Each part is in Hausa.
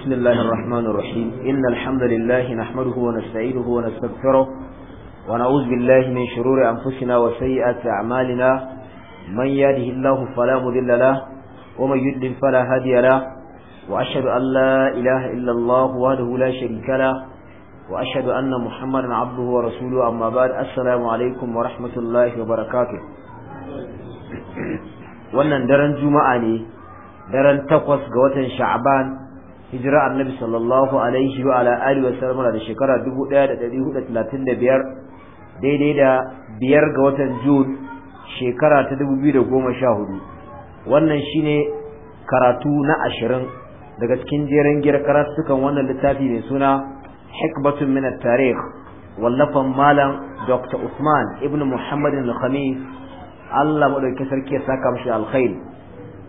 بسم الله الرحمن الرحيم إن الحمد لله نحمده ونستعينه ونستغفره ونعوذ بالله من شرور أنفسنا وسيئات أعمالنا من يهده الله فلا مضل له ومن يضلل فلا هادي له وأشهد أن لا إله إلا الله وحده لا شريك له وأشهد أن محمدا عبده ورسوله أما بعد السلام عليكم ورحمة الله وبركاته wannan daren juma'a ne daren takwas ga watan sha'ban hijira annabi sallallahu alaihi wa ala alihi wasallam da shekara 1435 daidai da biyar ga watan Jun shekara ta 2014 wannan shine karatu na ashirin daga cikin jerin girkarar sukan wannan littafi mai suna hikbatun min at-tarikh wallafan malam Dr. Usman ibn Muhammad al-Khamis Allah madaukakin sarki ya saka mishi alkhairi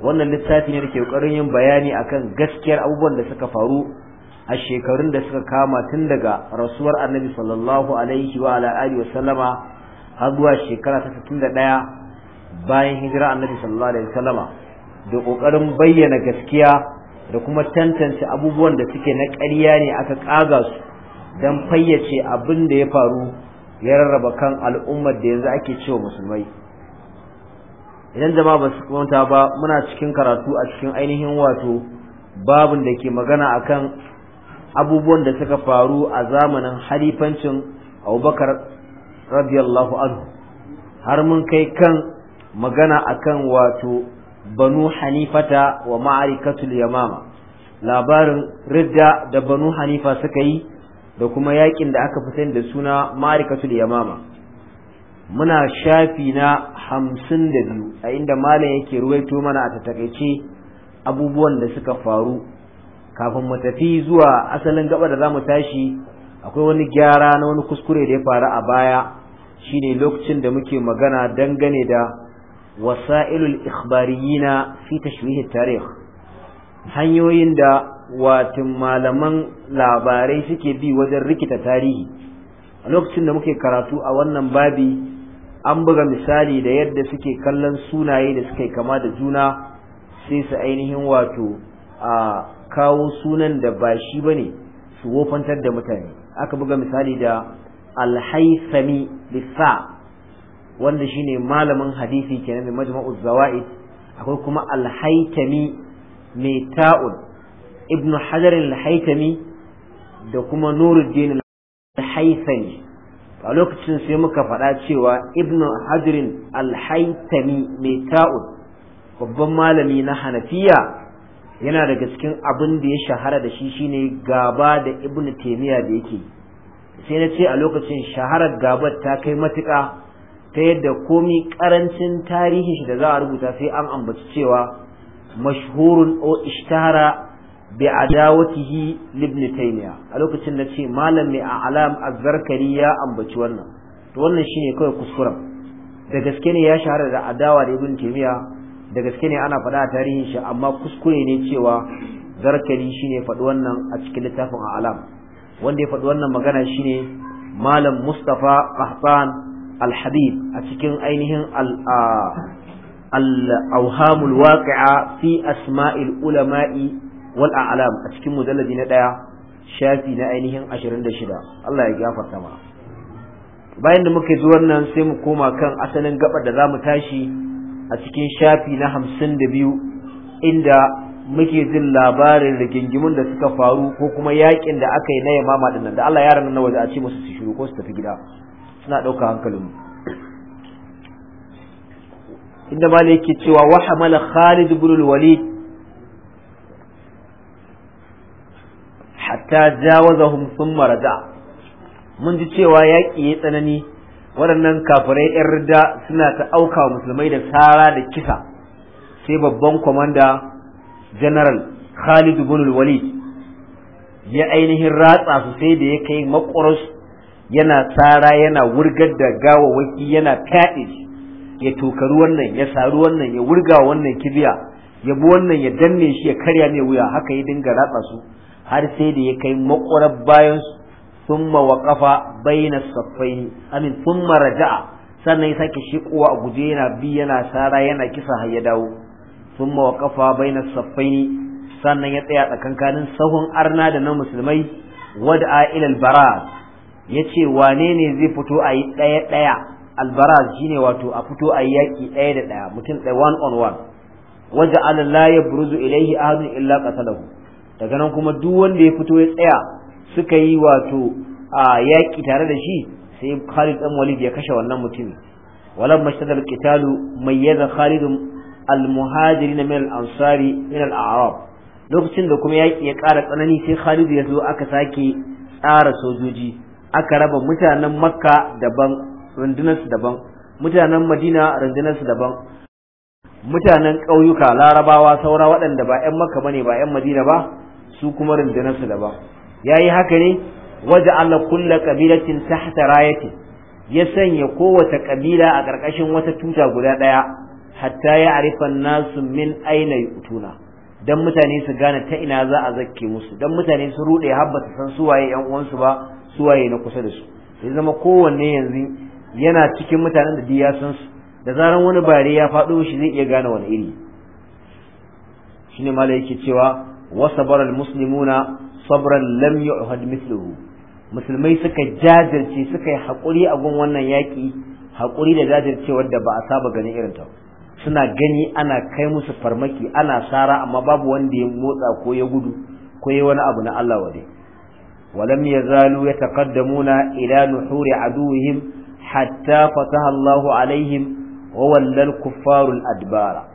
wannan littafi ne da ke ƙoƙarin yin bayani akan gaskiyar abubuwan da suka faru a shekarun da suka kama tun daga rasuwar annabi sallallahu alaihi wa ala alihi wasallama har zuwa shekara ta 61 bayan hijira annabi sallallahu alaihi wasallama da ƙoƙarin bayyana gaskiya da kuma tantance abubuwan da suke na ƙarya ne aka ƙaga su don fayyace abin da ya faru ya rarraba kan al'ummar da yanzu ake cewa musulmai idan jama'a ba su kwanta ba muna cikin karatu a cikin ainihin wato babin da ke magana akan abubuwan da suka faru a zamanin halifancin abubakar radiyallahu anhu har mun kai kan magana akan wato banu hanifata wa ma'arikatul yamama labarin ridda da banu hanifa suka yi da kuma yakin da aka fitar da suna ma'arikatul yamama muna shafi na hamsin da biyu a inda malam yake ruwaito mana a tattakaice abubuwan da suka faru kafin mu tafi zuwa asalin gaba da za mu tashi akwai wani gyara na wani kuskure da ya faru a baya shine lokacin da muke magana dangane da wasailul ikhbariyina fi tashwih tarikh hanyoyin da watin malaman labarai suke bi wajen rikita tarihi a lokacin da muke karatu a wannan babi an buga misali da yadda suke kallon sunaye da suke kama da juna sai su ainihin wato a kawo sunan da ba shi ba ne su wofantar da mutane aka buga misali da alhaisami lissa wanda shi ne malamin hadisi kenan mai majma'u zawaid akwai kuma alhaitami mai ta'ud ibnu hajar alhaitami da kuma nuruddin alhaisani a lokacin sai muka faɗa cewa ibn hadirin alhaitami mai ta'ud babban malami na hanafiya yana daga cikin abin da ya shahara da shi shine gaba da ibn taimiyya da yake sai na ce a lokacin shaharar gabar ta kai matuƙa ta yadda komi karancin tarihi shi da za a rubuta sai an ambaci cewa mashhurun o ishtara bi adawatihi libn taymiya a lokacin da ce malam mai alam azzarkari ya ambaci wannan to wannan shine kawai kuskuren da gaske ne ya shahara da adawa da ibn taymiya da gaske ne ana faɗa a tarihin shi amma kuskure ne cewa zarkari shine faɗi wannan a cikin littafin alam wanda ya faɗi wannan magana shine malam mustafa qahtan al a cikin ainihin al-awhamul waqi'a fi asma'il ulama'i wal a'lam a cikin mujalladi na daya shafi na ainihin 26 Allah ya gafarta ma bayan da muka ji wannan sai mu koma kan asalin gabar da zamu tashi a cikin shafi na 52 inda muke jin labarin rigingimun da suka faru ko kuma yakin da aka yi na yamama dinnan da Allah ya yaran na waje a ce musu su shiru ko su tafi gida suna ɗauka hankalinmu inda ma yake cewa wa hamala khalid ibn walid hatta jawazahum thumma raja mun ji cewa yaƙi ya tsanani waɗannan kafirai yan rida suna ta auka musulmai da sara da kisa sai babban kwamanda general Khalid bin Walid ya ainihin ratsa su sai da ya kai makwaros yana tsara yana wurgar da gawawaki yana fyaɗe ya tokaru wannan ya saru wannan ya wurga wannan kibiya ya bi wannan ya danne shi ya karya mai wuya haka ya dinga ratsa su har sai da ya kai makurar bayan summa waqafa baina saffaini amin summa raja'a sannan ya sake kowa a guje yana bi yana sara yana kisa har ya dawo summa waqafa baina saffaini sannan ya tsaya tsakankanin sahun arna da na musulmai wada'a ila albaraz ce wane ne zai fito a yi ɗaya ɗaya albaraz shine wato a fito a yi yaƙi ɗaya da ɗaya mutum ɗaya one on one wajen ala ya buruzu ilaihi ahadun illa qatalahu daga nan kuma duk wanda ya fito ya tsaya suka yi wato a yaƙi tare da shi sai Khalid dan Walid ya kashe wannan mutumin walam mashtadal qitalu mayyaza Khalid al-muhajirin min al-ansari min al-a'rab lokacin da kuma yaƙi ya ƙara tsanani sai Khalid ya zo aka sake tsara sojoji aka raba mutanen Makka daban rundunar su daban mutanen Madina su daban mutanen ƙauyuka larabawa saura waɗanda ba 'yan Makka bane ba 'yan Madina ba su kuma rundunarsu daban ya yi haka ne waje Allah kulla kabilatin tahta rayatin ya sanya kowace kabila a ƙarƙashin wata tuta guda ɗaya hatta ya arifan nasu min aina yutuna dan mutane su gane ta ina za a zakke musu dan mutane su rude habba su san suwaye yan uwansu ba suwaye na kusa da su sai zama kowanne yanzu yana cikin mutanen da diya san su da zaran wani bare ya faɗo shi zai iya gane wani iri shine mala yake cewa wa sabara almuslimuna sabran lam yu'had musulmai suka jajirce suka yi haƙuri a gun wannan yaƙi haƙuri da jajircewar da ba a saba ganin irin ta suna gani ana kai musu farmaki ana sara amma babu wanda ya motsa ko ya gudu ko ya wani abu na Allah wade walam yazalu yataqaddamuna ila nuhuri aduwihim hatta fataha Allahu alaihim wa wallal kuffarul adbara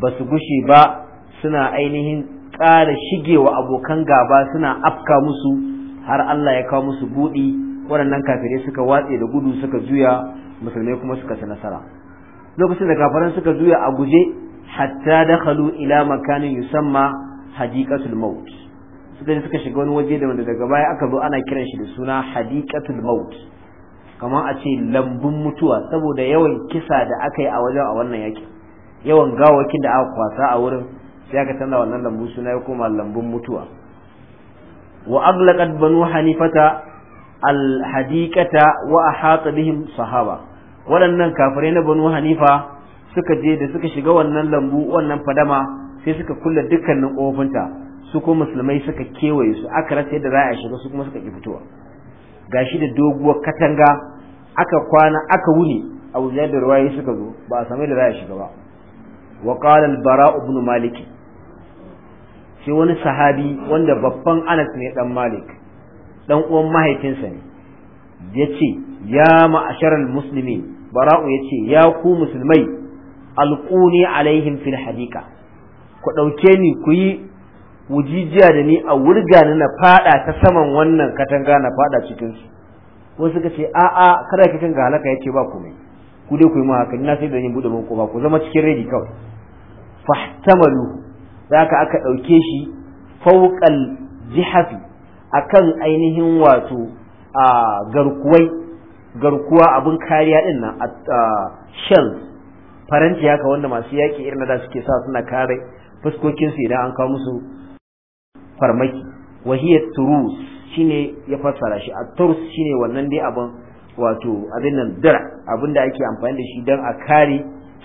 basu gushi ba suna ainihin ƙara shigewa abokan gaba suna afka musu har Allah ya kawo musu buɗi waɗannan kafirai suka watse da gudu suka juya musulmai kuma suka ci nasara lokacin da kafaran suka juya a guje hatta da dakhalu ila makanin yusamma hadiqatul maut suka suka shiga wani waje da wanda daga baya aka zo ana kiran shi da suna hadiqatul maut kamar a ce lambun mutuwa saboda yawan kisa da aka yi a wajen a wannan yakin yawan gawakin da aka kwasa a wurin sai aka canza wannan lambu suna ya koma lambun mutuwa wa aglaqat banu hanifata alhadiqata wa ahata bihim sahaba waɗannan kafirai na banu hanifa suka je da suka shiga wannan lambu wannan fadama sai suka kulle dukkanin kofinta su ko musulmai suka kewaye su aka rasa yadda za a shiga su kuma suka ki fitowa gashi da doguwar katanga aka kwana aka wuni abu da ruwaye suka zo ba a sami da za a shiga ba wa qala al bara ibn sai wani sahabi wanda babban anas ne dan malik dan uwan mahaifinsa ne ya ce ya ma'asharal muslimin bara'u ya ce ya ku musulmai alƙuni alaihim fil hadika ku ɗauke ni ku yi wujijiya da ni a wurga ni na fada ta saman wannan katanga na fada cikinsu wasu suka ce a'a kada ka ga halaka ya ce ba mai ku dai ku yi mu haka na sai da ni buɗe mun ba ku zama cikin redi kawai fahtamalu da aka ɗauke shi fauƙal jihafi akan ainihin wato a garkuwai garkuwa abin kariya ɗin nan a shells faranti haka wanda masu yaki irin da suke sa suna kare fuskokinsu idan an kawo musu farmaki wahiyar turus shine ya fassara shi a turus shine wannan dai abin wato abin nan dira abin da ake amfani da shi don a kare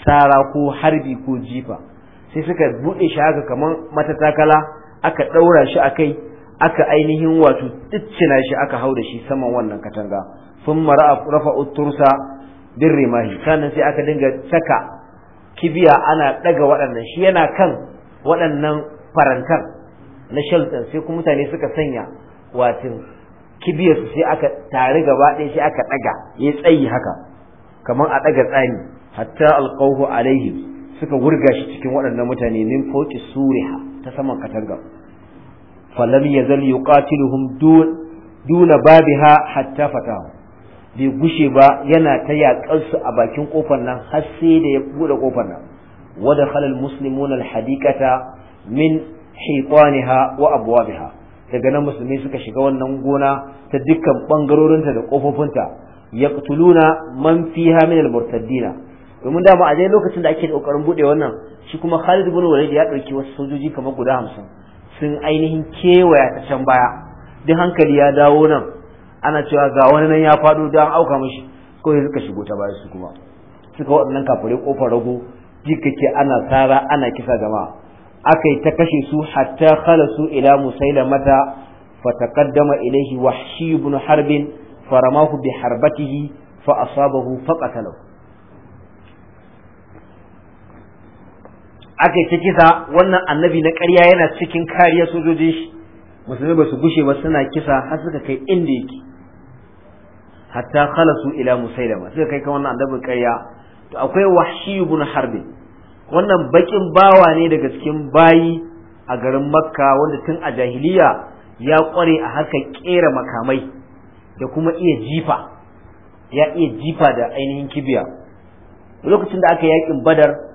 tsara ko harbi ko jifa sai suka buɗe shi haka kamar matatakala aka ɗaura shi a kai aka ainihin wato ticcina shi aka hau da shi saman wannan katanga sun mara rafa uttursa bin rimahi sannan sai aka dinga saka kibiya ana ɗaga waɗannan shi yana kan waɗannan farantar na shelton sai kuma mutane suka sanya watin su sai aka tare gaba ɗaya sai aka ɗaga ya tsayi haka kamar a ɗaga tsani hatta alƙawu alaihi suka wurga shi cikin waɗannan mutane min fawqi suriha ta saman katanga falam yazal yuqatiluhum duna babiha hatta fatahu bai gushe ba yana ta yaƙar su a bakin kofar nan har sai da ya bude kofar nan wada khalal almuslimuna alhadiqata min hitaniha wa abwabiha daga nan musulmi suka shiga wannan gona ta dukkan bangarorinta da kofofinta yaqtuluna man fiha min almurtaddina domin dama a dai lokacin da ake da kokarin bude wannan shi kuma Khalid ibn Walid ya dauki wasu sojoji kamar guda hamsin sun ainihin kewaya ta can baya duk hankali ya dawo nan ana cewa ga wani nan ya faɗo da an auka mashi kawai suka shigo ta baya su kuma suka waɗannan kafare kofar rago jikake ana tsara ana kisa jama'a aka yi ta kashe su hatta khalasu ila musailamata fataqaddama ilayhi wahshi ibn harbin faramahu bi harbatihi fa asabahu faqatalahu aka yi kisa wannan annabi na ƙarya yana cikin kariya sojojin shi musulmi ba su gushe ba suna kisa har suka kai inda yake hatta khalasu ila musailama suka kai kan wannan annabin ƙarya to akwai wahshi ibn harbin wannan bakin bawa ne daga cikin bayi a garin makka wanda tun a jahiliya ya kware a haka ƙera makamai da kuma iya jifa ya iya jifa da ainihin kibiya lokacin da aka yakin badar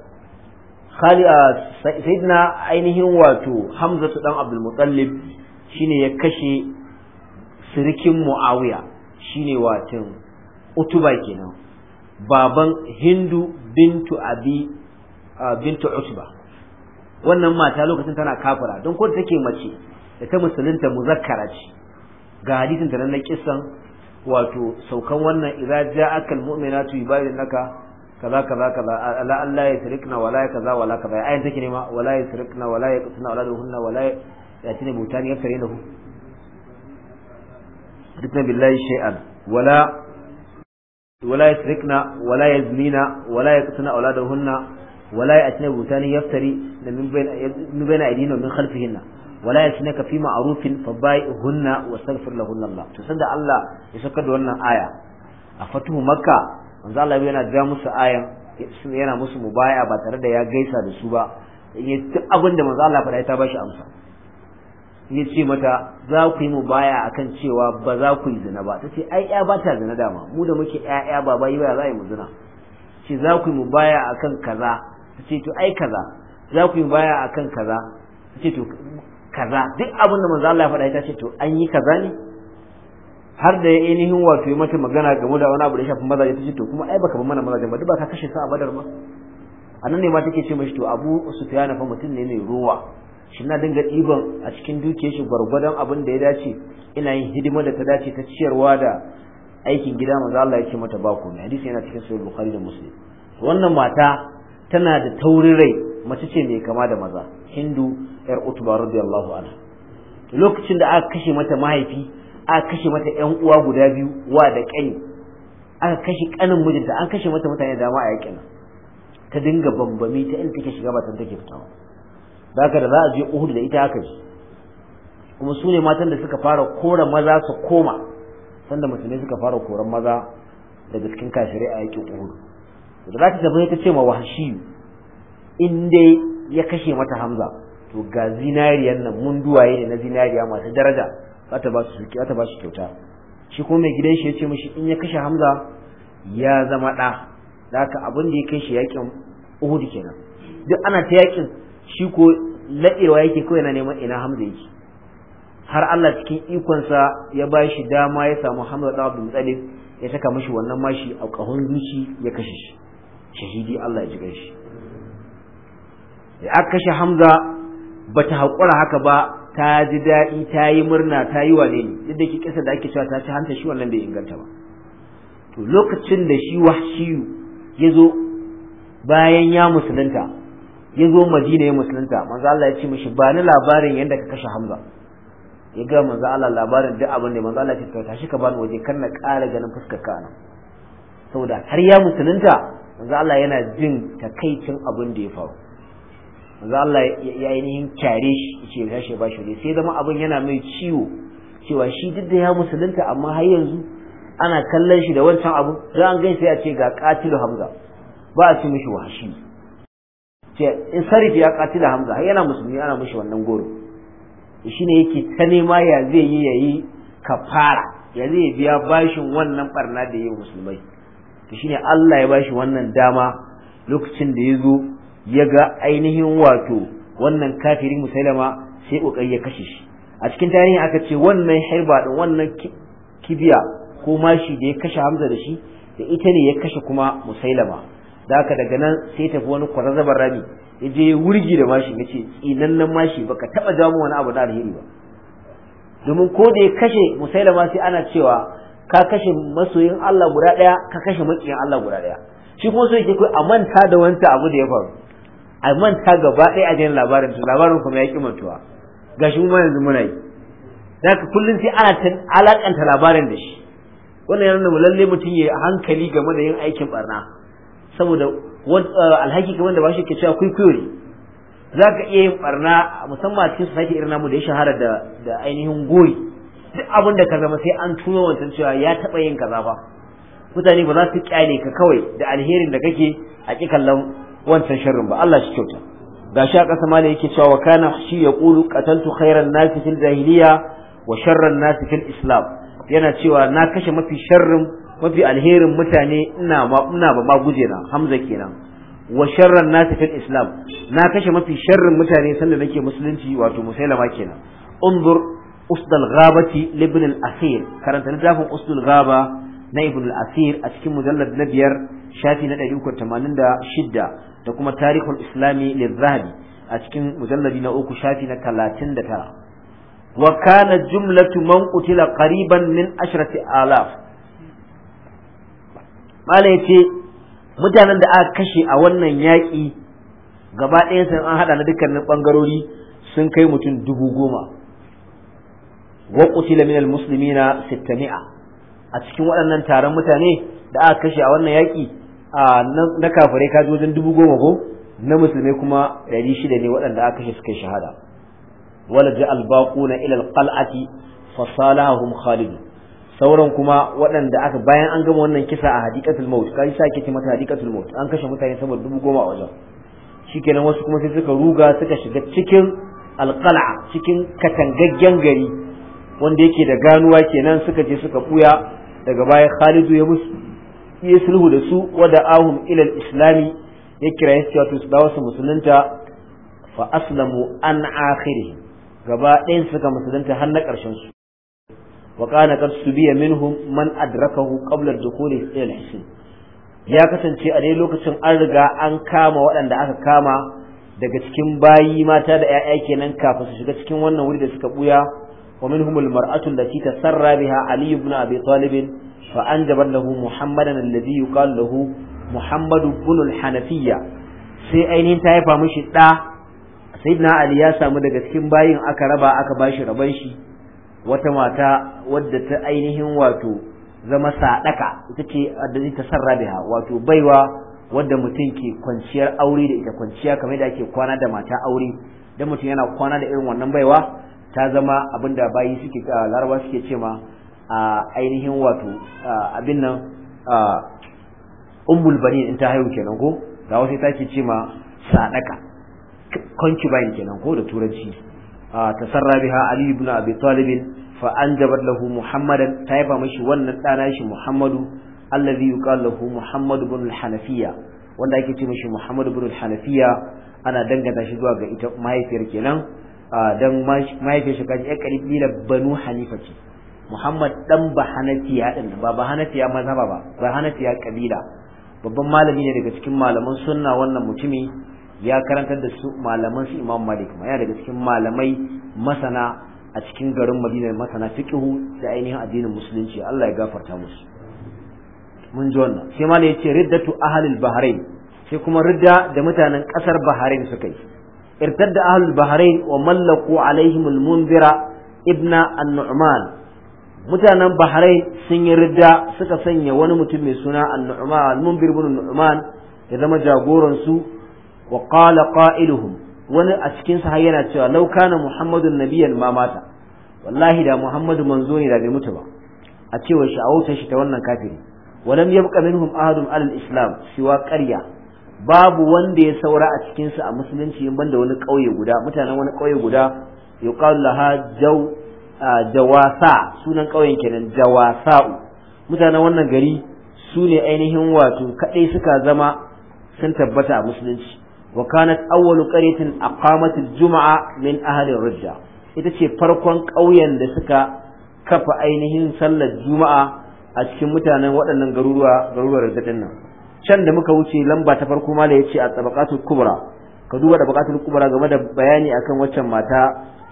khali ah, sayyidina ainihin wato hamzatu dan abdul muttalib shine ya kashe sirikin muawiya shine watin utuba kenan baban hindu bintu abi ah, bintu Utuba. wannan mata lokacin tana kafira don ko take mace da ta musulunta muzakkara ce ga hadisin da na kissan wato saukan wannan idza al mu'minatu yubayyinaka kaza kaza kaza ala Allah ya sirikna wala kaza wala kaza ayin take ne ma wala ya wala ya wala wala ya tine butani ya kare billahi shay'an wala wala ya wala ya wala ya wala wala ya tine butani ya da min min khalfihinna wala ya fi ma'rufin fa bai'hunna wa lahunna Allah to sanda Allah ya saka da wannan aya a fatuhu makka manzo Allah yana ga musu ayan yana musu mubaya ba tare da ya gaisa da su ba ya ci abin da manzo Allah faɗa ta bashi amsa ya ce mata za ku yi mubaya akan cewa ba za ku yi zina ba ta ce ai ya ba ta zina dama mu da muke ƴaƴa ba yi ba za mu zina ce za ku yi mubaya akan kaza ta ce to ai kaza za ku yi mubaya akan kaza ta ce to kaza duk abin da manzo Allah ya ta ce to an yi kaza ne har da ya ainihin wato yi mata magana game da wani abu da ya shafi mazaje ce to kuma ai baka bar mana mazajen ba duk ba ka kashe su a badar ma anan ne ma take ce mashi to Abu Sufyan fa mutum ne mai ruwa shi na dinga ɗiban a cikin dukiyar shi gwargwadon abin da ya dace ina yin hidima da ta dace ta ciyarwa da aikin gida manzo Allah ya mata ba ne. hadisi yana cikin sahih Bukhari da Muslim wannan mata tana da taurin rai mace ce mai kama da maza Hindu yar Utba radiyallahu anha lokacin da aka kashe mata mahaifi aka kashe mata ƴan uwa guda biyu wa da ƙani aka kashe ƙanin mijinta an kashe mata mutane dama a yakin ta dinga bambami ta inda take shiga ba ta take fitawa ka da za a je Uhud da ita haka ji kuma sune matan da suka fara kora maza su koma sanda musulmai suka fara koran maza daga cikin kafirai a yakin Uhud da za ta tafi ta ce ma Wahshi in dai ya kashe mata Hamza to ga zinariyan nan mun duwaye ne na zinariya masu daraja ata ba su suki ata ba su kyauta shi kuma mai gidan shi ya ce mishi in ya kashe hamza ya zama da haka abin da ya kai shi yakin uhud kenan duk ana ta yakin shi ko laɗewa yake kawai yana neman ina hamza yake har Allah cikin ikonsa ya ba shi dama ya samu hamza da abdul Mutalib ya saka mishi wannan mashi a ƙahon zuci ya kashe shi shahidi Allah ya ji shi da kashe hamza bata hakura haka ba ta ji daɗi ta yi murna ta yi wane ne duk da ke ƙasa da ake cewa ta ci hanta shi wannan bai inganta ba to lokacin da shi wahshiyu ya zo bayan ya musulunta ya zo madina ya musulunta manzo Allah ya ce mishi ba ni labarin yadda ka kashe hamza ya ga manzo Allah labarin duk abin da manzo Allah ya ce tashi ka bani waje kar na ƙara ganin fuskar ka nan saboda har ya musulunta manzo Allah yana jin takaicin abin da ya faru za Allah ya ainihin kyare shi ce ya shi ba shi sai zama abin yana mai ciwo cewa shi duk da ya musulunta amma har yanzu ana kallon shi da wancan abu za an gaisa ya ce ga katilu hamza ba a ci mishi washi ce in sarif ya katilu hamza yana musulmi ana mishi wannan goro shine yake ta nema ya zai yi ya ka kafara ya zai biya bashin wannan barna da yi musulmai shi ne Allah ya bashi wannan dama lokacin da ya zo ya ga ainihin wato wannan kafirin musailama sai kokari ya kashe shi a cikin tarihi aka ce wannan harba din wannan kibiya ko mashi da ya kashe hamza da shi da ita ne ya kashe kuma musailama da aka daga nan sai tafi wani kwarazabar rami ya je ya wurgi da mashi ya ce tsinannen mashi baka taba jamu wani abu na alheri ba domin ko da ya kashe musailama sai ana cewa ka kashe masoyin Allah guda ɗaya ka kashe makiyin Allah guda ɗaya shi kuma so yake kai a manta da wanta abu da ya faru a manta gaba ɗaya a jin labarin su labarin kuma ya ki mantuwa gashi mu yanzu muna yi ka kullum sai ana alakanta labarin da shi wannan yana nuna lalle mutum ya hankali game da yin aikin barna saboda eh, alhaki kamar da ba shi ke cewa kwaikwayo ne za ka iya yin barna musamman a cikin society irin namu da ya shahara da ainihin goyi duk abin da ka zama sai an tuno wancan cewa ya taɓa yin kaza ba mutane ba za su kyale ka kawai da alherin da kake a ƙi kallon wancan sharrin ba Allah shi kyauta shi a ƙasa mala yake cewa wa kana shi ya qulu qataltu khairan nasi fil jahiliya wa sharran nasi fil islam yana cewa na kashe mafi sharrin mafi alherin mutane ina ma ina ba ma gujena hamza kenan wa sharran nasi fil islam na kashe mafi sharrin mutane sanda nake musulunci wato musailama kenan unzur usdal ghabati libn al asir karanta littafin usdul ghaba na ibn al asir a cikin mujallad na biyar shafi na 386 da kuma tarihul islami lizzahabi a cikin mujalladi na uku shafi na talatin da tara wa kana jumlatu man qutila qariban min ashrati alaf mala yace mutanen da aka kashe a wannan yaƙi gaba ɗayan sun an haɗa na dukkanin ɓangarori sun kai mutum dubu goma wa qutila min almuslimina 600 a cikin waɗannan taron mutane da aka kashe a wannan yaki. na kafirai kaji wajen dubu goma ko na musulmai kuma ɗari shida ne waɗanda aka shi suka shahada wala ja albaquna ila alqal'ati fasalahum khalid sauran kuma waɗanda aka bayan an gama wannan kisa a hadikatul maut kai sa ke mata hadikatul maut an kashe mutane saboda dubu goma a wajen shikenan wasu kuma sai suka ruga suka shiga cikin alqal'a cikin katangaggen gari wanda yake da ganuwa kenan suka je suka buya daga baya Khalidu ya musu ya sulhu da su wada ahum ilal islami ya kira ya cewa su dawo su musulunta fa aslamu an akhirihim gaba ɗayan suka musulunta har na ƙarshen su wa kana kad subiya minhum man adrakahu qabla dukhuli ilal al ya kasance a dai lokacin an riga an kama waɗanda aka kama daga cikin bayi mata da 'ya'ya kenan kafin su shiga cikin wannan wuri da suka buya wa minhumul mar'atu allati tasarra biha ali ibn abi talib fa له lahu الذي يقال له lahu muhammadu ibn hanafiyya sai ainihin ta haifa mishi ɗa, sayyidina ali ya samu daga cikin bayin aka raba aka bashi raban shi wata mata wadda ta ainihin wato zama sadaka ita ce addini ta sarrabiha wato baiwa wadda mutum ke kwanciyar aure da ita kwanciya kamar da ake kwana da mata aure dan mutum yana kwana da irin wannan baiwa ta zama abinda bayi suke larabawa suke ce a ainihin wato abin nan umul bani in ta haihu kenan ko ga wasu ta ke ce ma sadaka concubine kenan ko da turanci tasarra biha ali ibn abi talib fa anjabat lahu muhammadan ta mashi wannan dana shi muhammadu alladhi yuqal lahu muhammad ibn al-hanafiya wanda ake ce mashi muhammad ibn al-hanafiya ana dangata shi zuwa ga ita mahaifiyar kenan dan mahaifiyar shi kaji ya karibi banu hanifa ce Muhammad dan Bahanafiya din ba Bahanafiya mazhaba ba Bahanafiya kabila babban malami ne daga cikin malaman sunna wannan mutumi ya karantar da su malaman su Imam Malik ma ya daga cikin malamai masana a cikin garin Madina masana fiqhu da ainihin addinin musulunci Allah ya gafarta musu mun ji wannan sai malai ce riddatu ahlil bahrain sai kuma ridda da mutanen kasar bahrain suka yi irtadda ahlul bahrain wa mallaku alaihimul al ibna an-nu'man mutanen bahrain sun yi ridda suka sanya wani mutum mai suna annu'man munbir nu'man ya zama jagoransu su wa qala qa'iluhum wani a cikin sa yana cewa lauka na muhammadun nabiyyan ma mata wallahi da muhammadu manzo ne da bai mutu ba a cewa sha'awta shi ta wannan kafiri walam yabqa minhum ahadun alal islam siwa karya. babu wanda ya saura a cikinsa a musulunci in banda wani kauye guda mutanen wani ƙauye guda ya laha jaw jawasa sunan ƙauyen kenan jawasa'u mutanen wannan gari su ne ainihin wato kaɗai suka zama sun tabbata a musulunci wa kanat awwalu qaryatin aqamat al-jum'a min ahli rujja ita ce farkon ƙauyen da suka kafa ainihin sallar juma'a a cikin mutanen waɗannan garuruwa garuruwar rujja nan can da muka wuce lamba ta farko ma da yace a tabaqatul kubra ka duba da tabaqatul kubra game da bayani akan waccan mata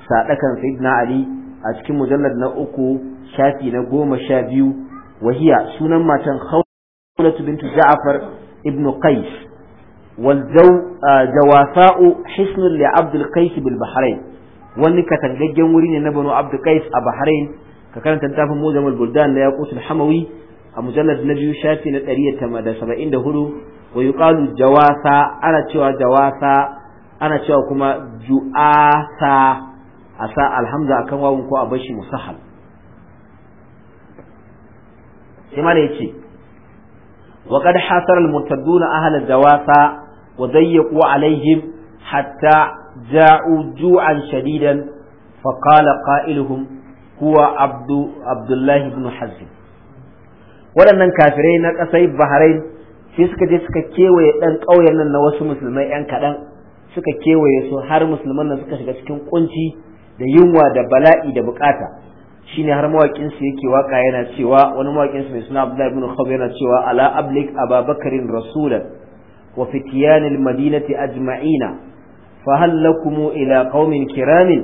sadakan sayyidina ali a cikin mujallar na uku shafi na goma sha biyu wahiya sunan matan khawlatu bintu ja'far ibnu qais wal jawafa'u hisnun li abdul qais bil bahrain wani katangaggen wuri ne na banu abdul qais a bahrain ka karanta littafin mujamul buldan na yaqutul hamawi a mujallar na biyu shafi na ɗari da saba'in da hudu wa yuqalu jawasa ana cewa jawasa ana cewa kuma ju'asa a sa alhamza akan wawun ko a bashi musahal sai mala yace wa qad hasara al-murtaduna ahla dawasa wa dayyaqu alaihim hatta ja'u ju'an shadidan fa qala qailuhum huwa abdu abdullahi ibn hazm waɗannan kafirai na ƙasar bahrain sai suka je suka kewaye ɗan ƙauyen nan na wasu musulmai ‘yan kaɗan suka kewaye su har musulman nan suka shiga cikin ƙunci. da yunwa da bala'i da bukata shine har mawakin su yake waka yana cewa wani mawakin su mai suna Abdullah ibn Khawf yana cewa ala ablik ababakarin rasulan wa fitiyan almadinati ajma'ina fa hal lakum ila qaumin kiramin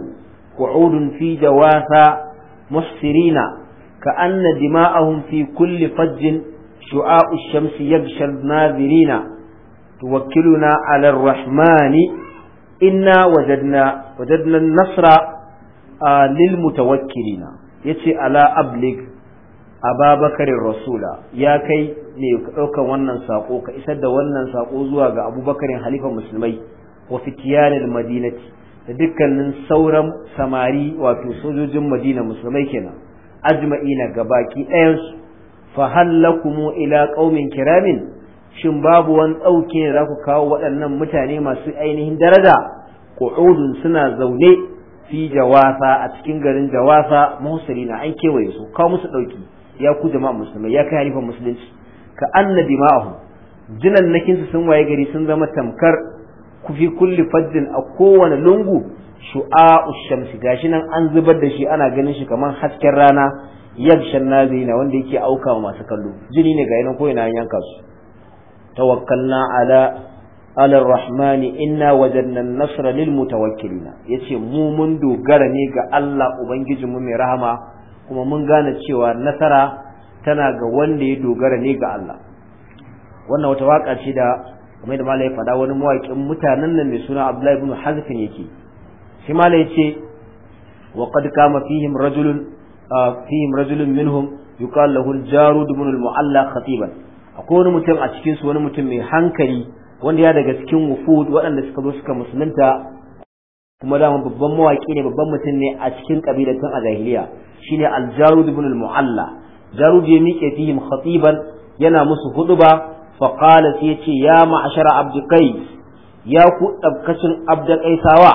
qu'udun fi jawasa muhsirina ka anna dima'ahum fi kulli fajjin shu'a'u shamsi yaghsha an-nazirina tuwakkiluna ala ar-rahmani inna wajadna wajadna an-nasra lil mutawakkilina yace ala ablig ababakar rasula ya kai ne ka ɗaukan wannan sako ka isar da wannan sako zuwa ga abubakarin halifan musulmai wa fitiyanin madinati da dukkanin sauran samari wato sojojin madina musulmai kenan ajma'ina gabaki ɗayansu fa hallakumu ila qaumin kiramin shin babu wani ɗauke da za ku kawo waɗannan mutane masu ainihin daraja kuudun suna zaune fi jawasa a cikin garin jawasa muhsirina an kewaye su kawo musu dauki ya ku jama'a musulmai ya kai halifan musulunci ka annabi ma'ahu jinan nakin su sun waye gari sun zama tamkar ku fi kulli faddin a kowane lungu shu'a'u shamsi gashi nan an zubar da shi ana ganin shi kamar hasken rana yagshan nazina wanda yake auka masu kallo jini ne ga yanan ko ina yanka su tawakkalna ala alar rahmani inna wajanna nasra lil mutawakkilina yace mu mun dogara ne ga Allah mu mai rahama kuma mun gane cewa nasara tana ga wanda ya dogara ne ga Allah wannan wata waka ce da kamar da malai fada wani mawaƙin mutanen nan mai suna Abdullahi ibn Hazfin yake shi malai ce wa qad kama fihim rajulun fihim rajulun minhum yuqal lahu al-jarud ibn al-mu'alla khatiban akwai wani mutum a cikin su wani mutum mai hankali wanda ya daga cikin wufud waɗanda suka zo suka musulunta kuma dama babban mawaƙi ne babban mutum ne a cikin ƙabilatun a jahiliya shine aljarud jarud ibn al jarud ya miƙe fihim khatiban yana musu huduba fa qala sai yace ya ma'ashara abdu qais ya ku tsabkacin abdu qaisawa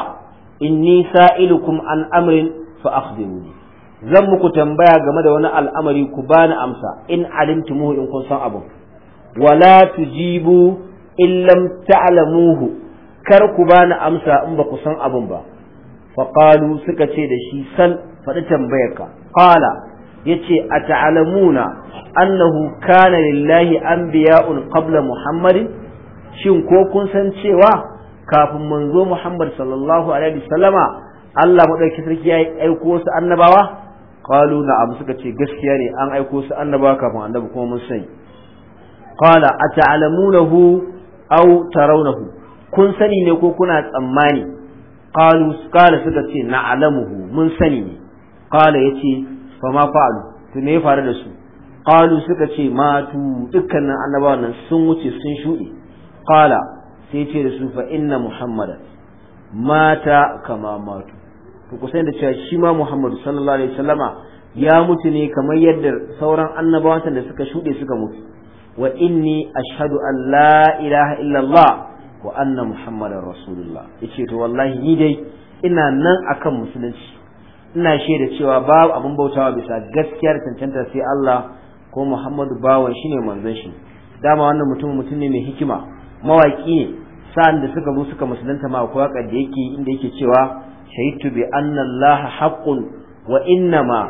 inni sa'ilukum an amrin fa akhbiruni zan muku tambaya game da wani al'amari ku bani amsa in alimtumuhu in kun san abun wala tujibu in lam ta'lamuhu kar ku bani amsa in ba ku san abin ba fa qalu suka ce da shi sal faɗi tambayarka qala yace ata'lamuna annahu kana lillahi anbiya'un qabla muhammadin shin ko kun san cewa kafin manzo muhammad sallallahu alaihi wasallama Allah madauki sarki ya aiko wasu annabawa qalu na'am suka ce gaskiya ne an aiko su annabawa kafin annabi kuma mun sani qala ata'lamunahu aw tarawnahu kun sani ne ko kuna tsammani qalu qala suka ce na'lamuhu mun sani ne qala yace fa ma fa'alu to me ya faru da su qalu suka ce matu dukkanin annabawan nan sun wuce sun shuɗe qala sai ce da su fa inna muhammadan mata kama matu to ku da cewa shi ma muhammadu sallallahu alaihi wasallama ya mutu ne kamar yadda sauran annabawan da suka shuɗe suka mutu wa inni ashhadu an la ilaha illallah wa anna muhammadar rasulullah yace to wallahi ni dai ina nan akan musulunci ina shaida cewa babu abin bautawa bisa gaskiya da cancanta sai Allah ko Muhammadu bawan shine manzon shi dama wannan mutum mutum ne mai hikima mawaki ne sa'an da suka zo suka musulunta ma akwai da yake inda yake cewa shahitu bi anna Allah haqqun wa innama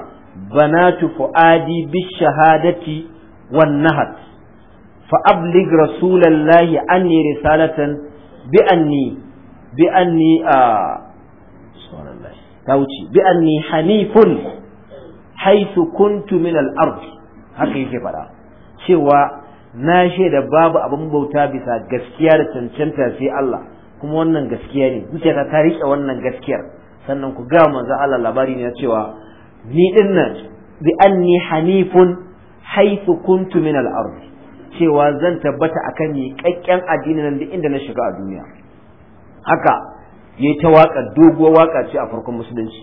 banatu fuadi bis shahadati wan nahat fa ablig rasulallahi anni risalatan bi anni bi anni a ta wuce bi anni hanifun haythu kuntu min al-ard haka cewa na shaida babu abin bauta bisa gaskiya da cancanta sai Allah kuma wannan gaskiya ne zuciyarka ta rike wannan gaskiyar sannan ku ga manzo Allah labari ne cewa ni dinnan bi anni hanifun haythu kuntu cewa zan tabbata a kan miƙaƙƙen addini nan duk inda na shiga a duniya haka ya yi ta waka doguwar waka ce a farkon musulunci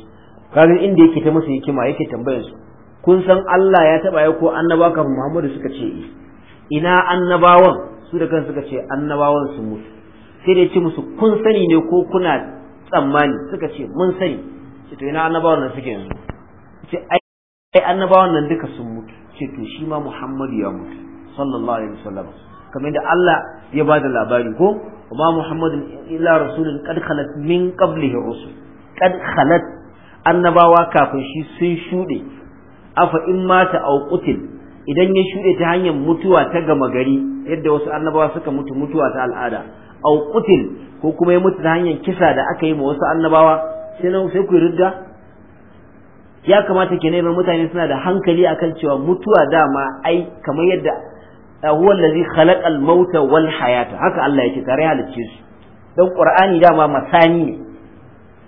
kaga inda yake ta masa hikima yake tambayar su kun san Allah ya taba ya ko annaba kafin Muhammadu suka ce eh? ina annabawan su da kansu suka ce annabawan sun mutu sai da ya ce musu kun sani ne ko kuna tsammani suka ce mun sani ce to ina annabawan nan suke yanzu ce ai annabawan nan duka sun mutu ce to shi ma Muhammadu ya mutu sallallahu alaihi wasallam kamar da Allah ya ba da labari ko kuma Muhammadun illa rasulun qad khalat min qablihi rusul qad khalat annabawa kafin shi sun shude afa in mata aw qutil idan ya shude ta hanyar mutuwa ta gama gari yadda wasu annabawa suka mutu mutuwa ta al'ada aw qutil ko kuma ya mutu ta hanyar kisa da aka yi ma wasu annabawa sai nan sai ku rigga ya kamata ke neman mutane suna da hankali akan cewa mutuwa dama ai kamar yadda huwa allazi khalaqa al-mauta hayata haka Allah ya yake tare halicce su ɗan ƙur'ani dama masani ne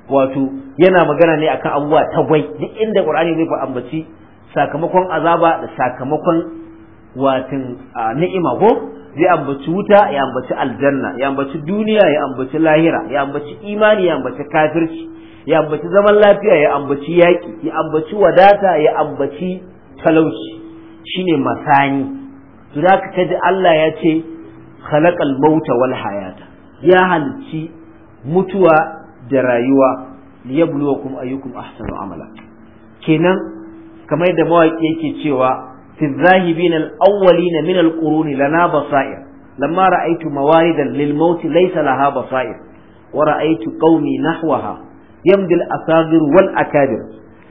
wato yana magana ne akan abuwa tagwai duk inda ƙur'ani zai fa ambaci sakamakon azaba da sakamakon watin ni'ima ko zai ambaci wuta ya ambaci aljanna ya ambaci duniya ya ambaci lahira ya ambaci imani ya ambaci kafirci ya ambaci zaman lafiya ya ambaci yaƙi ya ambaci wadata ya ambaci talauci shine masani to da ka kaji Allah ya ce khalaqal mauta wal hayata ya halci mutuwa da rayuwa liyabluwakum ayyukum ahsanu amala kenan kamar yadda mawaki yake cewa fi dhahibin al awwalin min al qurun lana basair lamma ra'aytu mawaridan lil maut laysa laha basair wa ra'aytu qaumi nahwaha yamdil al asagir wal akabir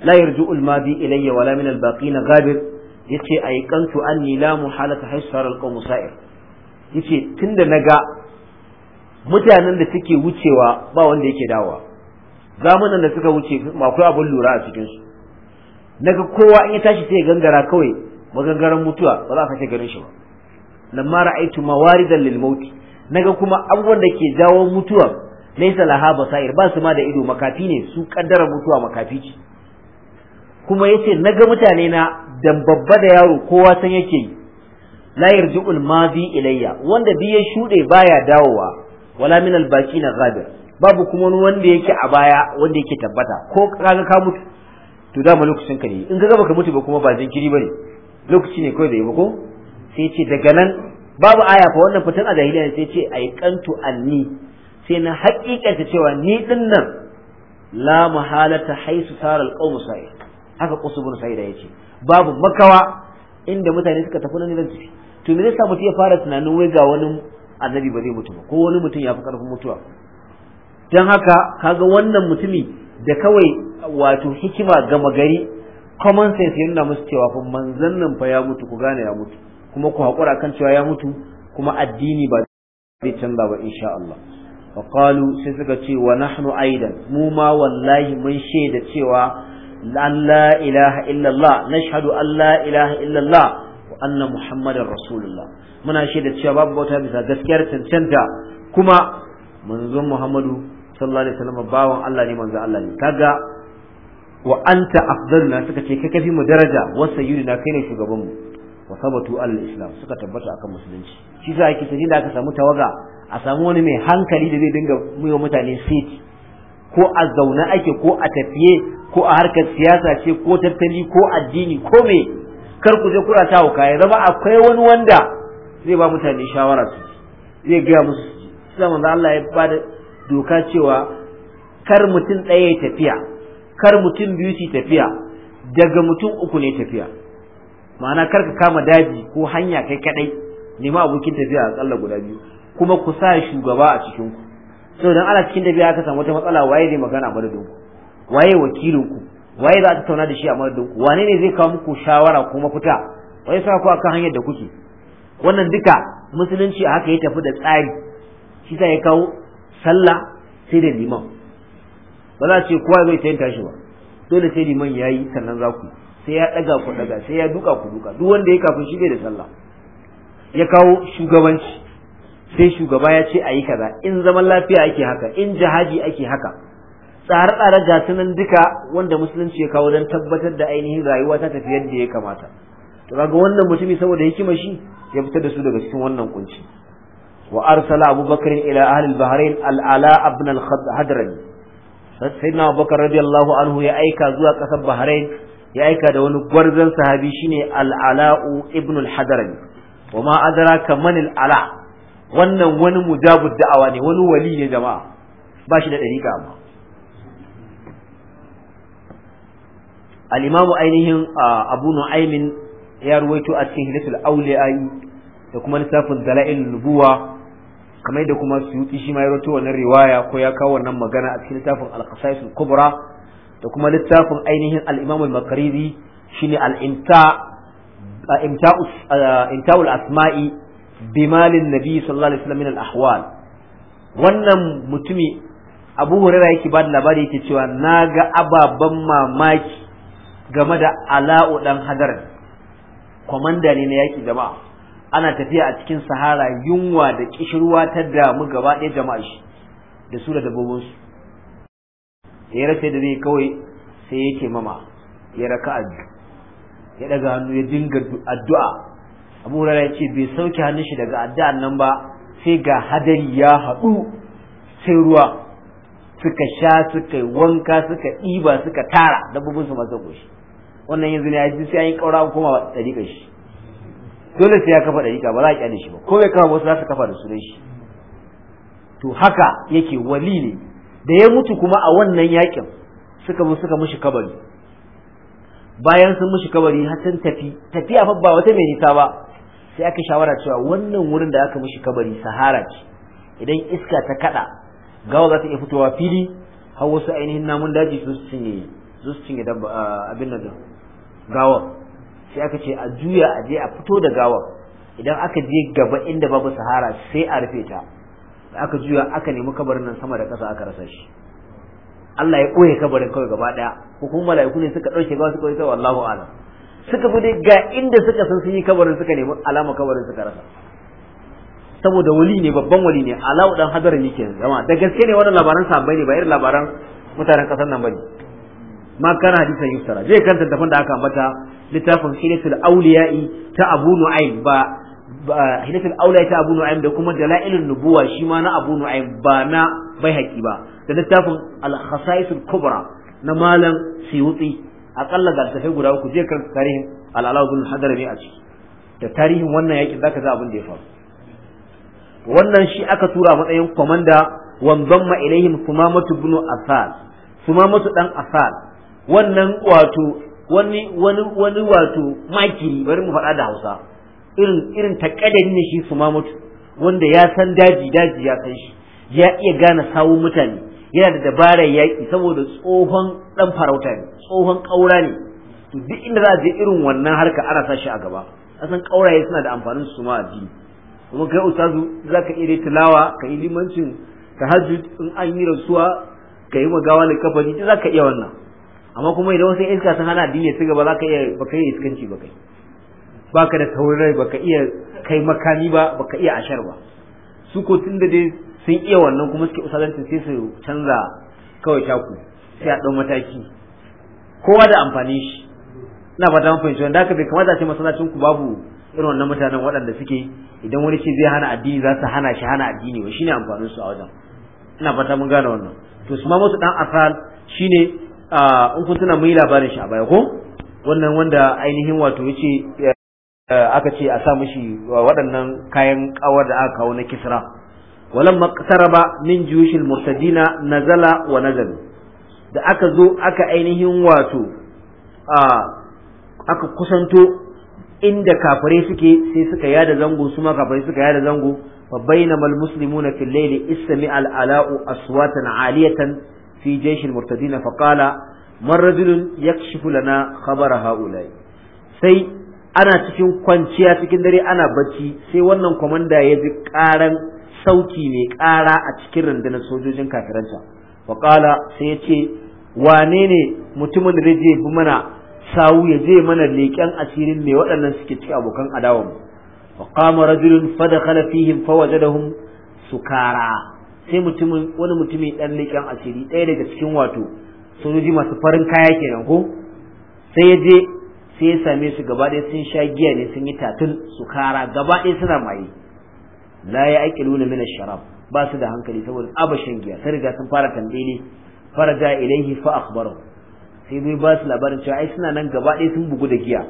la yarji'u al madi ilayya wala min al baqina gabir. yace aiqantu anni la muhalata haysar alqawm sa'ir yace tunda naga mutanen da suke wucewa ba wanda yake dawowa zamanan da suka wuce akwai abun lura a cikin su naga kowa in ya tashi sai ya gangara kawai magangaran mutuwa ba za ka sake garin shi ba ma ra'aytu mawaridan lil maut naga kuma abubuwan da ke jawo mutuwa laysa laha basair ba su ma da ido makafi ne su kaddara mutuwa makafi ce kuma yace naga mutane na dan babba da yaro kowa san yake yi la yarji'ul madi ilayya wanda bi ya shude baya dawowa wala min al baqina ghadir babu kuma wanda yake a baya wanda yake tabbata ko kaga ka mutu to da lokacin ka ne in kaga baka mutu ba kuma ba jinkiri bane lokaci ne kawai da yi ba ko sai ce daga nan babu aya fa wannan fitan a jahiliya sai ce ai kantu anni sai na hakikata cewa ni din nan la mahalata haisu saral qawmu sa'id haka qusbun sa'ida ce babu makawa inda mutane suka tafi nan zan to me zai sa mutum ya fara tunanin wai ga wani annabi ba zai mutu ba ko wani mutum ya fi karfin mutuwa dan haka kaga wannan mutumi da kawai wato hikima gama gari common sense ya nuna musu cewa fa manzon nan fa ya mutu ku gane ya mutu kuma ku hakura kan cewa ya mutu kuma addini ba zai canza ba insha Allah fa qalu sai suka ce wa nahnu aidan mu ma wallahi mun shaida cewa an la ilaha illallah nashhadu an la ilaha illallah wa anna muhammadar rasulullah muna shaida cewa babu bauta bisa gaskiyar cancanta kuma manzon muhammadu sallallahu alaihi wasallam bawan Allah ne manzo Allah ne kaga wa anta afdaluna suka ce kai kafi mu daraja wa sayyidina kai ne shugaban mu wa sabatu al islam suka tabbata akan musulunci shi sa yake da aka samu tawaga a samu wani mai hankali da zai dinga muyo mutane siti ko a zaune ake ko a tafiye ko a harkar siyasa ce ko tattali ko addini ko me kar ku je ta tawo ya zama akwai wani wanda zai ba mutane shawara su zai gaya musu su sai manzo Allah ya bada doka cewa kar mutum ɗaya ya tafiya kar mutum biyu su tafiya daga mutum uku ne tafiya ma'ana kar ka kama daji ko hanya kai kadai nema abokin tafiya a tsalla guda biyu kuma ku sa shugaba a cikin ku so dan ana cikin dabi'a ka samu wata matsala waye zai magana a madadin ku waye wakilin ku waye za ta tauna da shi a madadin ku wane ne zai kawo muku shawara ko mafita waye sa ku akan hanyar da kuke wannan duka musulunci a haka ya tafi da tsari shi sa ya kawo sallah sai da liman ba za a ce kowa zai tayin tashi ba dole sai liman ya yi sannan za ku sai ya ɗaga ku ɗaga sai ya duka ku duka duk wanda ya kafin shi bai da sallah ya kawo shugabanci sai shugaba ya ce a yi kaza in zaman lafiya ake haka in jihadi ake haka tsare-tsare ga sunan duka wanda musulunci ya kawo don tabbatar da ainihin rayuwa ta tafi yadda ya kamata to kaga wannan mutumi saboda hikima shi ya fitar da su daga cikin wannan kunci wa arsala abubakar ila ahli al-bahrain al-ala ibn al-hadrami sayyidina abubakar radiyallahu anhu ya aika zuwa kasar bahrain ya aika da wani gwarzan sahabi shine al ala ibn al-hadrami wa ma adraka man al-ala' wannan wani mujabud da'awa ne wani wali ne jama'a ba shi da ɗariƙa amma al'imamu ainihin abu nu'aimin ya ruwaito a cikin hilatul auliyai da kuma lissafin Dala'il nubuwa kamar da kuma suyuti shi ma ya rawaito wannan riwaya ko ya kawo wannan magana a cikin littafin al-qasaisul kubra da kuma littafin ainihin al-imamu al-makarizi shine al-imta imta'ul asma'i bimalin nabi sallallahu alaihi wasallam min ahwal wannan mutumi Abu Hurairah yake ba da labari yake cewa na ga ababen mamaki game da Ala'u dan Hadar komanda ne na yaki jama'a ana tafiya a cikin sahara yunwa da kishirwa ta damu gaba ɗaya jama'a shi da su da dabbobin su. ya rasa da zai kawai sai yake mama ya raka ya daga hannu ya dinga addu'a abu hurairah ya ce bai sauke hannun shi daga addu'an nan ba sai ga hadari ya haɗu sai ruwa suka sha suka yi wanka suka ɗiba suka tara dabbobin su masu goshi wannan yanzu ne ji sai an yi ƙaura koma ɗariƙar shi dole sai ya kafa ɗariƙa ba za a ƙyale shi ba ko bai kafa wasu za su kafa da sunan shi to haka yake wali ne da ya mutu kuma a wannan yakin suka bi suka mushi kabari bayan sun mushi kabari har sun tafi tafiya fa ba wata mai nisa ba sai aka shawara cewa wannan wurin da aka mishi kabari sahara ce idan iska ta kada gawa za ta iya fitowa fili har wasu ainihin namun daji su cinye su cinye abin nan gawa sai aka ce a juya a je a fito da gawa idan aka je gaba inda babu sahara sai a rufe ta aka juya aka nemi kabarin nan sama da ƙasa aka rasa shi Allah ya ɓoye kabarin kawai gaba ɗaya ko kuma mala'iku ne suka ɗauke gawa suka yi ta wallahu a'lam suka fi dai ga inda suka san sun yi kabarin suka nemi alama kabarin suka rasa saboda wali ne babban wali ne alawu dan hadar ne ke zama da gaske ne wannan labaran sahabbai ne ba irin labaran mutanen kasar nan bane ma kana hadisan yusara je kan tantafin da aka ambata littafin hilatul awliya'i ta abu nu'aim ba hilatul ta abu nu'aim da kuma dalailun nubuwa shi ma na abu nu'aim ba na bai haƙi ba da littafin al khasaisul kubra na malam siyuti akalla ga tafai guda uku zai karanta tarihin al'alawu bin hadarami a ciki da tarihin wannan yakin zaka za abin da ya faru wannan shi aka tura matsayin komanda wanzan ma ilaihim sumamatu bin asal sumamatu dan asal wannan wato wani wani wato makiri bari mu faɗa da Hausa irin irin takadari ne shi sumamatu wanda ya san daji daji ya san shi ya iya gane sawun mutane yana da dabarar yaƙi saboda tsohon ɗan farauta ne tsohon ƙaura ne to duk inda za je irin wannan harka ana sa shi a gaba asan ƙauraye suna da amfanin su ma addini kuma kai ustazu za ka iya tilawa ka yi limancin tahajjud in an yi rasuwa ka yi magawa da kafari za ka iya wannan amma kuma idan wasu iska sun hana addini su gaba za ka iya baka iya iskanci ba kai ka da taurari ba baka iya kai makami ba ba ka iya ashar ba su ko tun da dai sun iya wannan kuma suke usalancin sai su canza kawai shaku, sai a ɗau mataki kowa da amfani shi ina fata mun fahimci wanda haka bai kamata a ce masallacin ku babu irin wannan mutanen waɗanda suke idan wani ce zai hana addini za su hana shi hana addini ba shine amfanin su a wajen ina fata mun gane wannan to su ma musu dan asal shine in kun tuna mun yi labarin shi a baya ko wannan wanda ainihin wato yace aka ce a sa mishi waɗannan kayan kawar da aka kawo na kisra walamma qtaraba min juyushil murtadina nazala wa nazalu da aka zo aka ainihin wato aka kusanto inda kafare suke sai suka yada zango su ma kafare suka yada zango fa bainamal muslimuna fil layli istami al ala'u aswatan aliyatan fi jaysh al murtadin fa qala man rajulun yakshifu lana khabara haula'i sai ana cikin kwanciya cikin dare ana bacci sai wannan komanda ya ji karan sauki mai kara a cikin rundunar sojojin kafiranta wa qala sai ya ce wane ne mutumin da zai bi mana sawu ya je mana leƙen asirin me waɗannan suke ciki abokan adawan mu wa qama rajulun fadakhala fihim fawajadahum sukara sai mutumin wani mutumi ɗan leƙen asiri ɗaya daga cikin wato sojoji masu farin kaya kenan ko sai ya je sai ya same su gaba ɗaya sun sha giya ne sun yi su kara gaba ɗaya suna maye la ya aqilu min sharab ba su da hankali saboda abashin giya sai riga sun fara tambayi faraja ilaihi fa akhbarahu sai zai ba su labarin cewa ai suna nan gaba ɗaya sun bugu da giya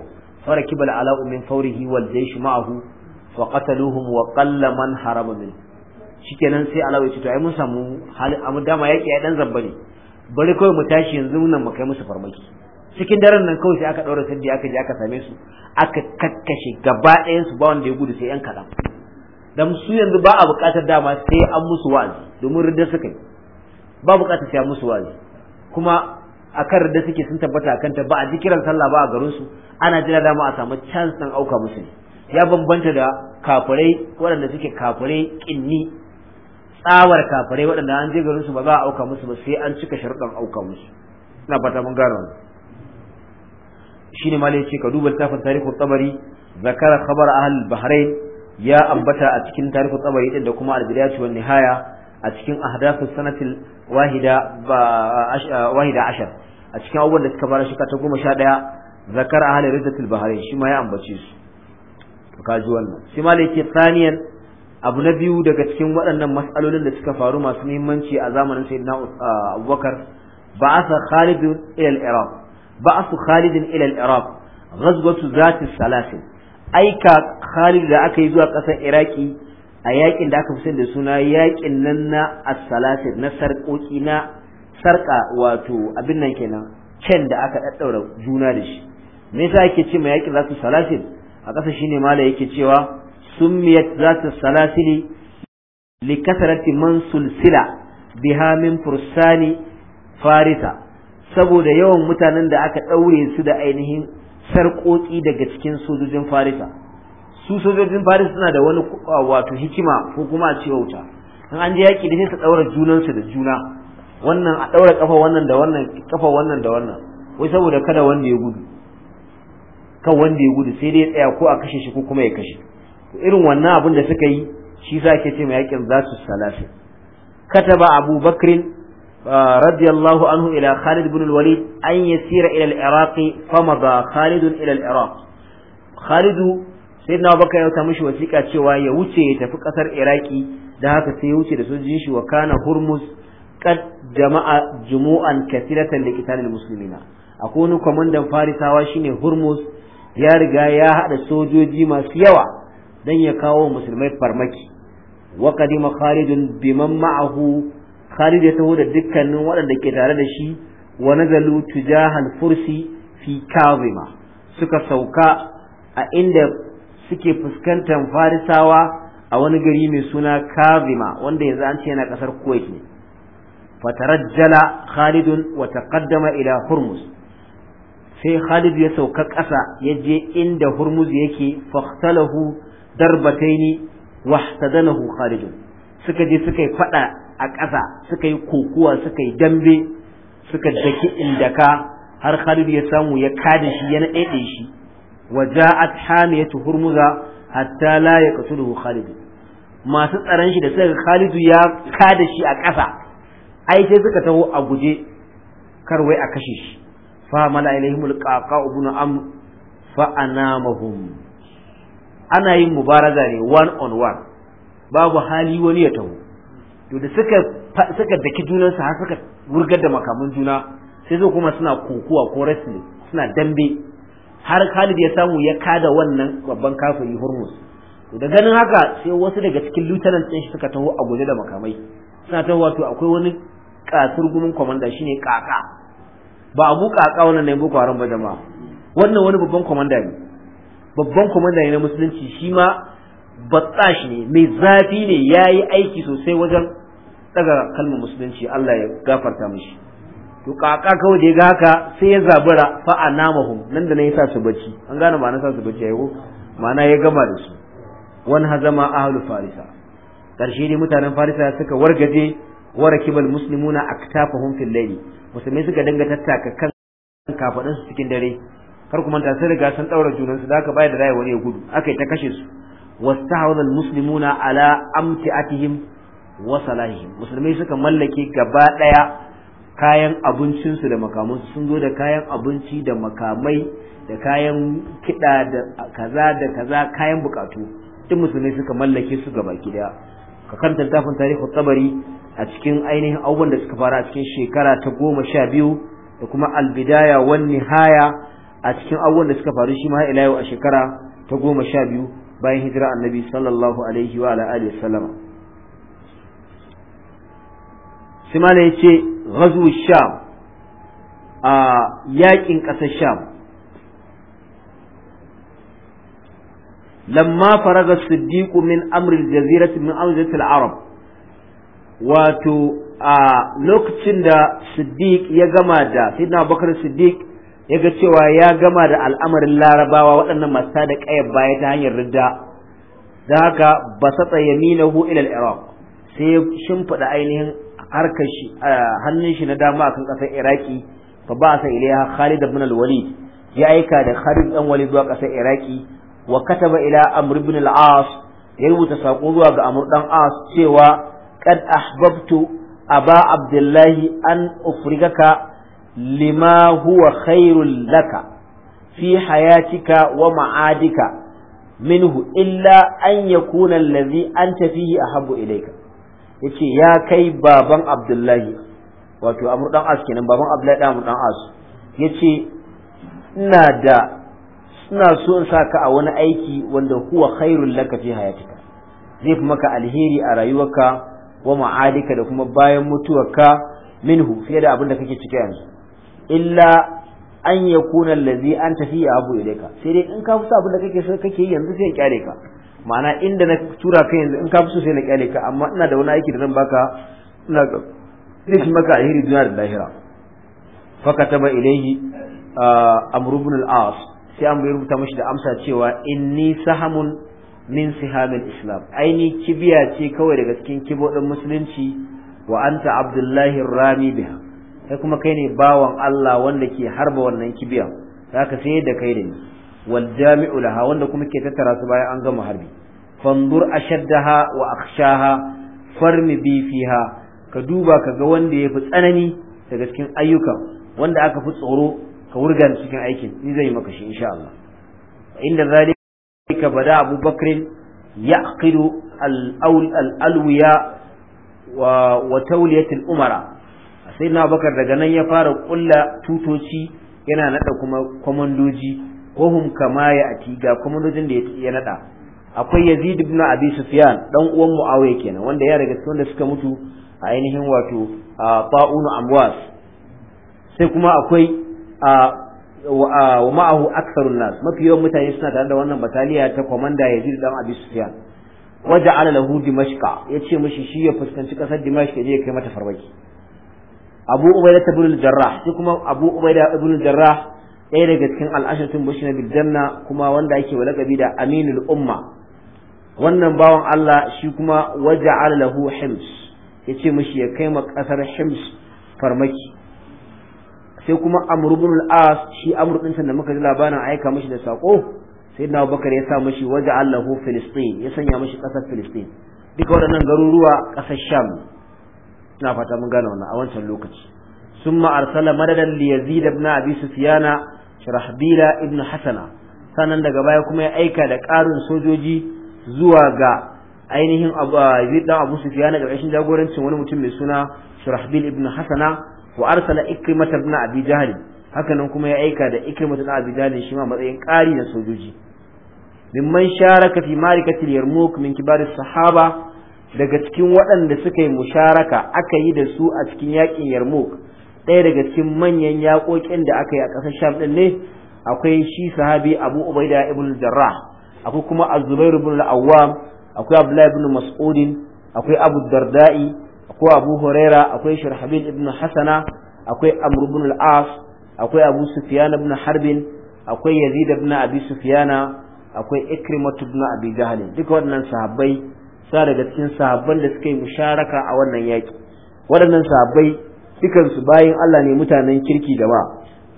fara kibal ala min fawrihi wal jaysh ma'ahu fa qataluhum wa qalla man haraba min shikenan sai alawi ce to ai mun samu hali amma dama yaki ai dan zamba ne bari kawai mu tashi yanzu nan mu kai musu farmaki cikin daren nan kawai sai aka ɗora sirri aka je aka same su aka kakkashe gaba ɗayan su ba wanda ya gudu sai yan kaɗan dan su yanzu ba a buƙatar dama sai an musu wa'azi domin ridda suka yi ba buƙatar sai an musu wa'azi kuma a kan ridda suke sun tabbata a ta ba a ji kiran sallah ba a garin su ana jira dama a samu chance dan auka musu ya bambanta da kafirai waɗanda suke kafirai kinni tsawar kafirai waɗanda an je garin su ba za a auka musu ba sai an cika sharuɗan auka musu ina fata mun gane wannan shine malai ce ka duba littafin ko tabari zakara khabar ahal bahrain ya ambata a cikin tarihu tsabari din da kuma albidayatu wan nihaya a cikin ahdathus sanatil wahida ba ah, wahida ashar a cikin abubuwan da suka fara shika ta goma sha ɗaya zakar ahli riddatul bahrain shi ma ya ambace su to ka ji wannan shi ma yake abu na biyu daga cikin waɗannan mas'alolin da suka faru masu muhimmanci a zamanin sayyidina ah, abubakar ba'asa khalid ila al-iraq ba'asu khalid ila al-iraq ghazwatu zati salasin aika Khalid da aka yi zuwa ƙasar Iraki a yakin da aka fi da suna yakin nan na asalasid na sarƙoƙi na sarƙa wato abin nan kenan can da aka ɗaɗɗaura juna da shi me yasa yake ce ma yakin su salasid a ƙasa shine mala yake cewa summiyat su salasili li kasarati man sulsila biha min fursani farisa saboda yawan mutanen da aka ɗaure su da ainihin sarƙoƙi daga cikin sojojin farisa su sojojin farisa suna da wani wato hikima ko kuma a ce wauta in an je yaƙi da sai su ɗaura junansu da juna wannan a ɗaura ƙafa wannan da wannan ƙafa wannan da wannan wai saboda kada wanda ya gudu kan wanda ya gudu sai dai ya tsaya ko a kashe shi ko kuma ya kashe to irin wannan abin da suka yi shi za ke ce ma yaƙin za su kataba abu radiyallahu anhu ila Khalid ibn al-Walid an ya ila al-Iraq fama ga ila al-Iraq Khalid sayyidina Abubakar ya ta mishi wasiƙa cewa ya wuce ya tafi ƙasar Iraki da haka sai ya wuce da sojin shi wa kana Hormuz kad jama'a jumu'an kathiratan li qitalil muslimina akwai wani kwamandan Farisawa shine hurmus ya riga ya haɗa sojoji masu yawa dan ya kawo musulmai farmaki wa qadima Khalid biman Khalidu ya taho da dukkanin waɗanda ke tare da shi wa nazalu tujahal fursi fi kazima suka sauka a inda suke fuskantar farisawa a wani gari mai suna kazima wanda ya an ce yana ƙasar kuwait ne fatarajjala khalidun wa taqaddama ila hurmus sai Khalidu ya sauka ƙasa ya je inda hurmus yake fahtalahu darbataini wahtadanahu khalidun suka je suka yi fada a ƙasa suka yi kokuwa suka yi dambe suka daki indaka har Khalid ya samu ya kada shi ya naɗe shi wa ja'at hamiyatu hurmuza hatta la yaqtuluhu Khalid masu tsaron shi da suka Khalid ya kada shi a ƙasa ai sai suka taho a guje kar wai a kashe shi fa mala ilaihimul ibn fa anamahum ana yin mubaraza ne one on one babu hali wani ya taho to da suka suka daki junansu har suka wurgar da makaman juna sai zo kuma suna kokuwa ko rasmi, suna dambe har Khalid ya samu ya kada wannan babban kafiri Hurmus da ganin haka sai wasu daga cikin lieutenant ɗin shi suka taho a guje da makamai suna taho wato akwai wani kasur gumin commander shine kaka ba abu kaka wannan ne boko haram ba jama'a wannan wani babban commander ne babban commander ne na musulunci shi ma batsashi ne mai zafi ne ya yi aiki sosai wajen daga kalmar musulunci Allah ya gafarta mishi to kaka kawai da ya ga haka sai ya zabura fa anamahum nan da nan yi sa su bacci an gane ma'ana sa su bacci ayo ma'ana ya gama da su wan hazama ahlu farisa karshe ne mutanen farisa suka wargaje warakibal muslimuna aktafahum fil layli musulmai suka danga tattaka kan kafadin cikin dare kar kuma manta sai riga sun daura junan su da aka bayar da rayuwa ne gudu aka yi ta kashe su wastahawal muslimuna ala amti'atihim wa salahihim musulmai suka mallake gaba daya kayan abincinsu da makamansu sun zo da kayan abinci da makamai da kayan kiɗa da kaza da kaza kayan bukatu duk musulmai suka mallake su gaba daya ka kanta littafin tarihi tabari a cikin ainihin abubuwan da suka fara a cikin shekara ta goma sha biyu da kuma albidaya wan nihaya a cikin abubuwan da suka faru shi ma ila a shekara ta goma sha biyu bayan hijira annabi sallallahu alaihi wa ala alihi sallama ya ce ghazu sham a yakin kasar sham lamma faraga siddiq min amr al-jazirah min awjat arab wato a lokacin da siddiq ya gama da sayyidina bakar siddiq ya cewa ya gama da al'amarin larabawa waɗannan masu da ƙayar baya ta hanyar ridda da haka ba satsa na ilal iraq sai ya shimfiɗa ainihin harkar shi hannun shi na dama akan ƙasar iraki fa ba sa ilaiha khalid ibn al-walid ya aika da khalid ɗan walid zuwa ƙasar iraki wa kataba ila amr ibn al-as ya rubuta sako zuwa ga amr dan as cewa kad ahbabtu aba abdullahi an ufrigaka lima huwa khairul laka fi hayatika wa ma'adika minhu illa an yakuna allazi anta fihi ahabbu ilayka yace ya kai baban abdullahi wato amr as kenan baban abdullahi dan amr dan as yace ina da ina so in saka a wani aiki wanda huwa khairul laka fi hayatika zai fi maka alheri a rayuwarka wa ma'adika da kuma bayan mutuwarka minhu fiye da abin da kake ciki yanzu illa an ya kuna allazi an tafi ya abu ilaika sai dai in ka fi abin da kake so kake yanzu sai ya kyale ka ma'ana inda na tura ka yanzu in ka fi so sai na kyale ka amma ina da wani aiki da zan baka ina zai shi maka alheri duniya da lahira fakataba ilaihi amr ibn al-as sai an bai rubuta mashi da amsa cewa inni sahamun min sihamil islam aini kibiya ce kawai daga cikin kibodin musulunci wa anta abdullahi rami biha kai kuma kai ne bawan Allah wanda ke harba wannan kibiya ka sai da kai da ni wal jami'u laha wanda kuma ke tattara su bayan an gama harbi fandur ashaddaha wa akhshaha farmi bi fiha ka duba ka ga wanda yafi tsanani daga cikin ayyukan wanda aka fi tsoro ka wurga cikin aikin ni zai maka shi insha Allah inda zalika bada Abu Bakr yaqidu al-awliya wa tawliyat al-umara sai na bakar daga nan ya fara kulla tutoci yana nada kuma kwamandoji ko kama ya ati ga kwamandojin da ya nada akwai yazid ibn abi sufyan dan uwan muawiya kenan wanda ya riga suka mutu a ainihin wato ta'unu amwas sai kuma akwai wa ma'ahu aktharun nas mafi yawan mutane suna tare da wannan bataliya ta kwamanda yazid dan abi sufyan waja lahu dimashqa yace mishi shi ya fuskanci kasar dimashq ya je kai mata farwaki abu ubaida ibn al-jarrah shi kuma abu ubaida ibn al-jarrah ɗaya daga cikin al'ashatun bashina bil janna kuma wanda yake wa laqabi da aminul umma wannan bawan Allah shi kuma waja'ala lahu hims yace mishi ya kai ma kasar hims farmaki sai kuma amr ibn al-as shi amr din da muka ji labarin aika mishi da sako sayyidina abubakar ya sa mishi waja'ala lahu filistin ya sanya mishi kasar filistin duka waɗannan garuruwa ƙasar sham ina fata mun gane wannan a wancan lokaci summa arsala madadan li yazid ibn abi sufyana shirahbila ibn hasana sannan daga baya kuma ya aika da ƙarin sojoji zuwa ga ainihin abu yazid dan abu da ƙarshen jagorancin wani mutum mai suna shirahbil ibn hasana wa arsala ikrimah ibn abi jahl hakanan kuma ya aika da ikrimah ibn abi jahl shi ma matsayin ƙari na sojoji mimman sharaka fi marikatil yarmouk min kibar sahaba daga cikin waɗanda suka yi musharaka aka yi da su a cikin yaƙin yarmouk ɗaya daga cikin manyan yaƙoƙin da aka yi a ƙasar sham ɗin ne akwai shi sahabi abu ubaida ibn jarrah akwai kuma azubairu zubair ibn al-awwam akwai abdullahi ibn mas'udin akwai abu darda'i akwai abu huraira akwai sharhabil ibn hasana akwai amr ibn al-as akwai abu sufyan ibn harbin akwai yazid ibn abi sufyana akwai ikrimatu ibn abi jahl duka waɗannan sahabbai sa daga cikin sahabban da suka yi musharaka a wannan yaki waɗannan sahabbai su bayan Allah ne mutanen kirki gaba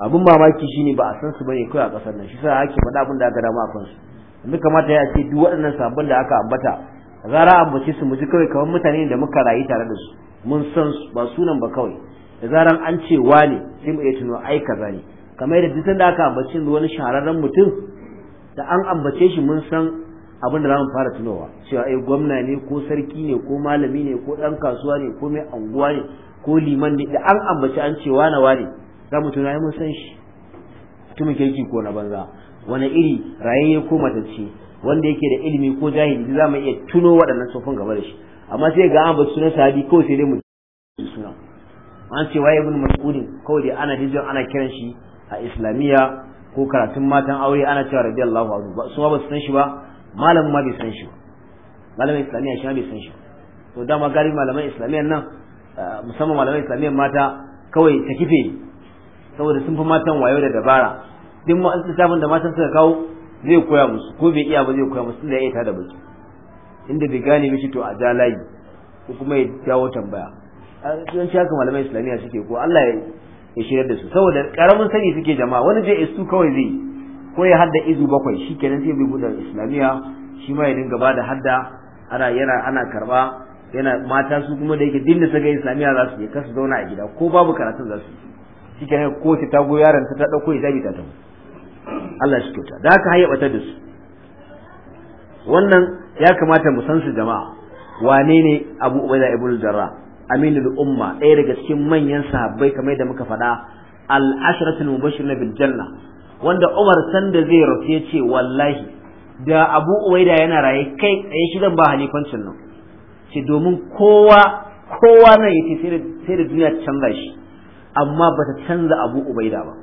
abin mamaki shine ba a san su bane kai a ƙasar nan shi sa ake faɗa abin da aka dama a kansu yanzu kamata ya ce duk waɗannan sahabban da aka ambata zara ambace su mu ji kawai kamar mutane da muka rayu tare da su mun san su ba sunan ba kawai da zaran an ce wane sai mu iya tuno ai kaza ne kamar yadda duk da aka ambace wani shahararren mutum da an ambace shi mun san abin da zamu fara tunowa cewa ai gwamna ne ko sarki ne ko malami ne ko dan kasuwa ne ko mai anguwa ne ko liman ne da an ambaci an ce wane wane za mu tuna mun san shi mutumin kirki ko na banza wani iri rayayye ko matacce wanda yake da ilimi ko jahili za mu iya tuno waɗannan tsofin gaba da shi amma sai ga an ba sunan sahabi ko sai dai mu suna an ce waye ibn mas'ud kawai dai ana hijira ana kiran shi a islamiyya ko karatun matan aure ana cewa radiyallahu anhu ba su ba su san shi ba malamin ma bai san shi ba malamin islamiyya shi ma bai san shi to dama gari malaman islamiyyan nan ah, musamman malaman islamiyyan mata kawai ta kife saboda sun fi matan wayo da dabara duk ma littafin da matan suka kawo zai koya musu ko bai iya ba zai koya musu da ya ta da baki inda bai gane mishi to a ja layi ko kuma ya dawo tambaya sun ci haka malaman islamiyya suke ko Allah ya shirar da su saboda karamin sani suke jama'a wani je su kawai zai yi ko ya hadda izu bakwai shi kenan sai bai buɗe islamiyya shi ma ya dinga bada hadda ana yana ana karba yana mata su kuma da yake dinda da saga islamiyya za su je kasu zauna a gida ko babu karatun za su yi shi kenan ko ta tago yaron ta ta ya hijabi ta ta Allah shi kyauta da haka hayya ta da su wannan ya kamata mu san su jama'a wane ne Abu Ubaida ibn Jarrah aminul umma ɗaya daga cikin manyan sahabbai kamar da muka faɗa al-ashratul mubashirun bil janna wanda Umar sanda zai rufe ya ce wallahi da Abu Uwaida yana raye kai tsaye shi zan ba halifancin nan ce domin kowa kowa nan ce sai da duniya canza shi amma ba ta canza Abu Ubaida ba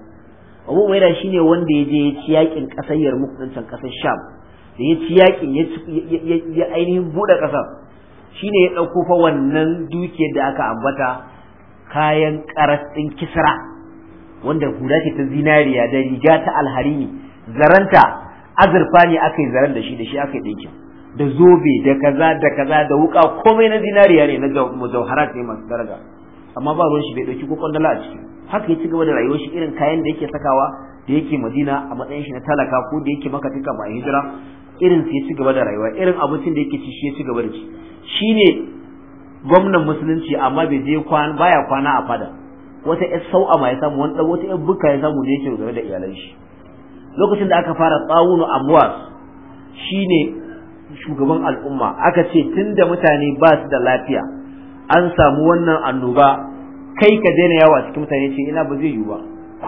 Abu Ubaida shine wanda ya je ya ci yakin kasar Yarmouk din can kasar Sham da ya ci yakin ya ainihin buɗe kasar shine ya ɗauko fa wannan dukiyar da aka ambata kayan karas kisra wanda hula ce ta zinariya da riga ta ne zaranta azurfa ne aka yi zaren da shi da shi aka yi ɗinkin da zobe da kaza da kaza da wuka komai na zinariya ne na mujawharat ne masu daraja amma ba ruwan shi bai ɗauki ko kwandala a ciki haka ya ci gaba da rayuwar shi irin kayan da yake sakawa da yake madina a matsayin shi na talaka ko da yake maka tuka ba hijira irin su ya ci gaba da rayuwa irin abincin da yake ci shi ya ci gaba da ci shine gwamnan musulunci amma bai je baya kwana a fada wata ƴar sau'a ma ya samu wani ɗan wata ƴar buka ya samu ne yake game da iyalan shi lokacin da aka fara tsawunu amwas shine shugaban al'umma aka ce tunda mutane ba su da lafiya an samu wannan annoba kai ka daina yawa cikin mutane ce ina ba zai yiwu ba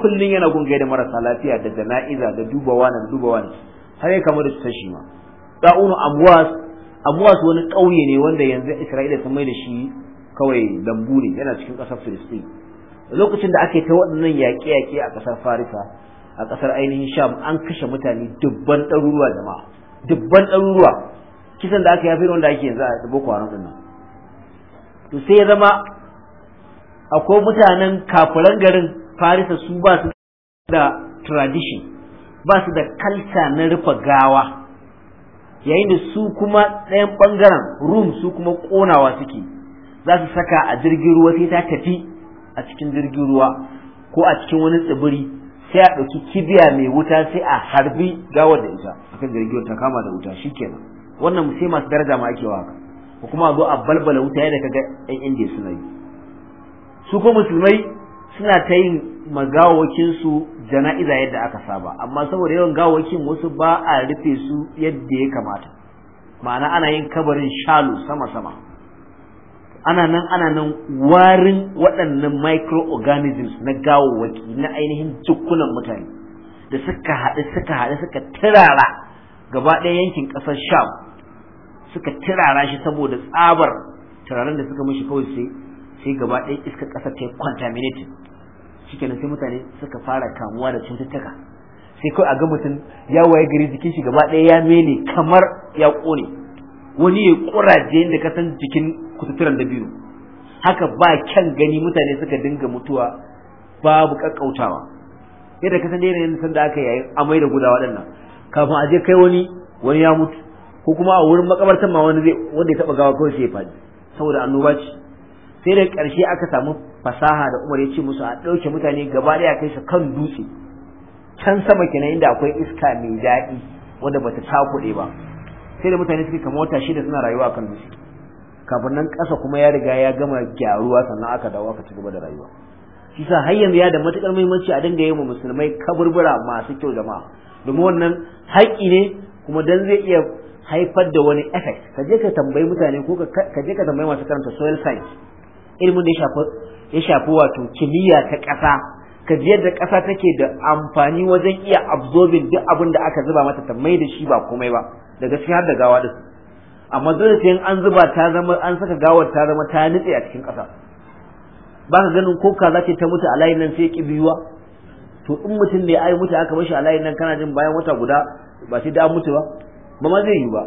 kullun yana gungaye da marasa lafiya da jana'iza da dubawa nan dubawa ne. har ya kama da cutar shi ma tsawunu amwas amwas wani ƙauye ne wanda yanzu isra'ila sun mai da shi kawai lambu ne yana cikin ƙasar filistin lokacin da ake ta waɗannan yaƙe-yaƙe a ƙasar farisa a ƙasar ainihin sham an kashe mutane dubban ɗaruruwa jama'a dubban ɗaruruwa kisan da aka yafi wanda ake yanzu a boko haram ɗin nan to sai ya zama akwai mutanen kafuran garin farisa su ba su da tradition ba su da kalta na rufe gawa yayin da su kuma ɗayan ɓangaren rum su kuma ƙonawa suke za su saka a jirgin ruwa sai ta tafi a cikin jirgin ruwa ko a cikin wani tsibiri sai a ɗauki kibiya mai wuta sai a harbi gawar da ita akan jirgin ta kama da wuta shi shikenan wannan sai masu daraja ma ake waka ko kuma zo a balbala wuta yadda kaga ɗan indiya suna yi su ko musulmai suna ta yin magawakin su jana'iza yadda aka saba amma saboda yawan gawakin wasu ba a rufe su yadda ya kamata ma'ana ana yin kabarin shalu sama sama ana nan ana nan warin waɗannan microorganisms na gawawaki na ainihin jikunan mutane da suka haɗu suka haɗu suka turara gaba ɗaya yankin ƙasar sham suka tirara shi saboda tsabar turaren da suka mishi kawai sai sai gaba ɗaya iskar ƙasar ta yi contaminated shikenan sai mutane suka fara kamuwa da cututtuka sai kawai a ga mutum ya waye gari jikin shi gaba ɗaya ya mene kamar ya ƙone wani ya kuraje da ka san jikin kututturan da biyu haka ba kyan gani mutane suka dinga mutuwa babu kakkautawa yadda ka san da yanayin sanda aka yayi amai da guda waɗannan kafin a je kai wani wani ya mutu ko kuma a wurin makabartar ma wani zai wanda ya taba gawa kawai sai ya faɗi saboda annoba ce sai da ƙarshe aka samu fasaha da Umar ya ce musu a ɗauke mutane gaba ɗaya kai su kan dutse can sama kenan inda akwai iska mai daɗi wanda bata takuɗe ba sai da mutane suke kama wata shida suna rayuwa kan dutse kafin nan ƙasa kuma ya riga ya gama gyaruwa sannan aka dawo aka ci gaba da rayuwa shi sa har yanzu ya da matukar muhimmanci a dinga yi wa musulmai kaburbura masu kyau jama'a domin wannan haƙƙi ne kuma dan zai iya haifar da wani effect ka je ka tambayi mutane ko ka je ka tambayi masu karanta soil science ilimin da ya shafi ya shafi wato kimiyya ta ƙasa ka ji yadda ƙasa take da amfani wajen iya absorbing duk abin da aka zuba mata ta da shi ba komai ba daga ciki har da gawa din amma dole sai an zuba ta zama an saka gawar ta zama ta nitse a cikin ƙasa ba ka ganin ko kaza ce ta mutu a layin nan sai ki biyuwa to in mutum ne ai mutu aka bashi a layin nan kana jin bayan wata guda ba sai da an mutu ba ba ma zai yi ba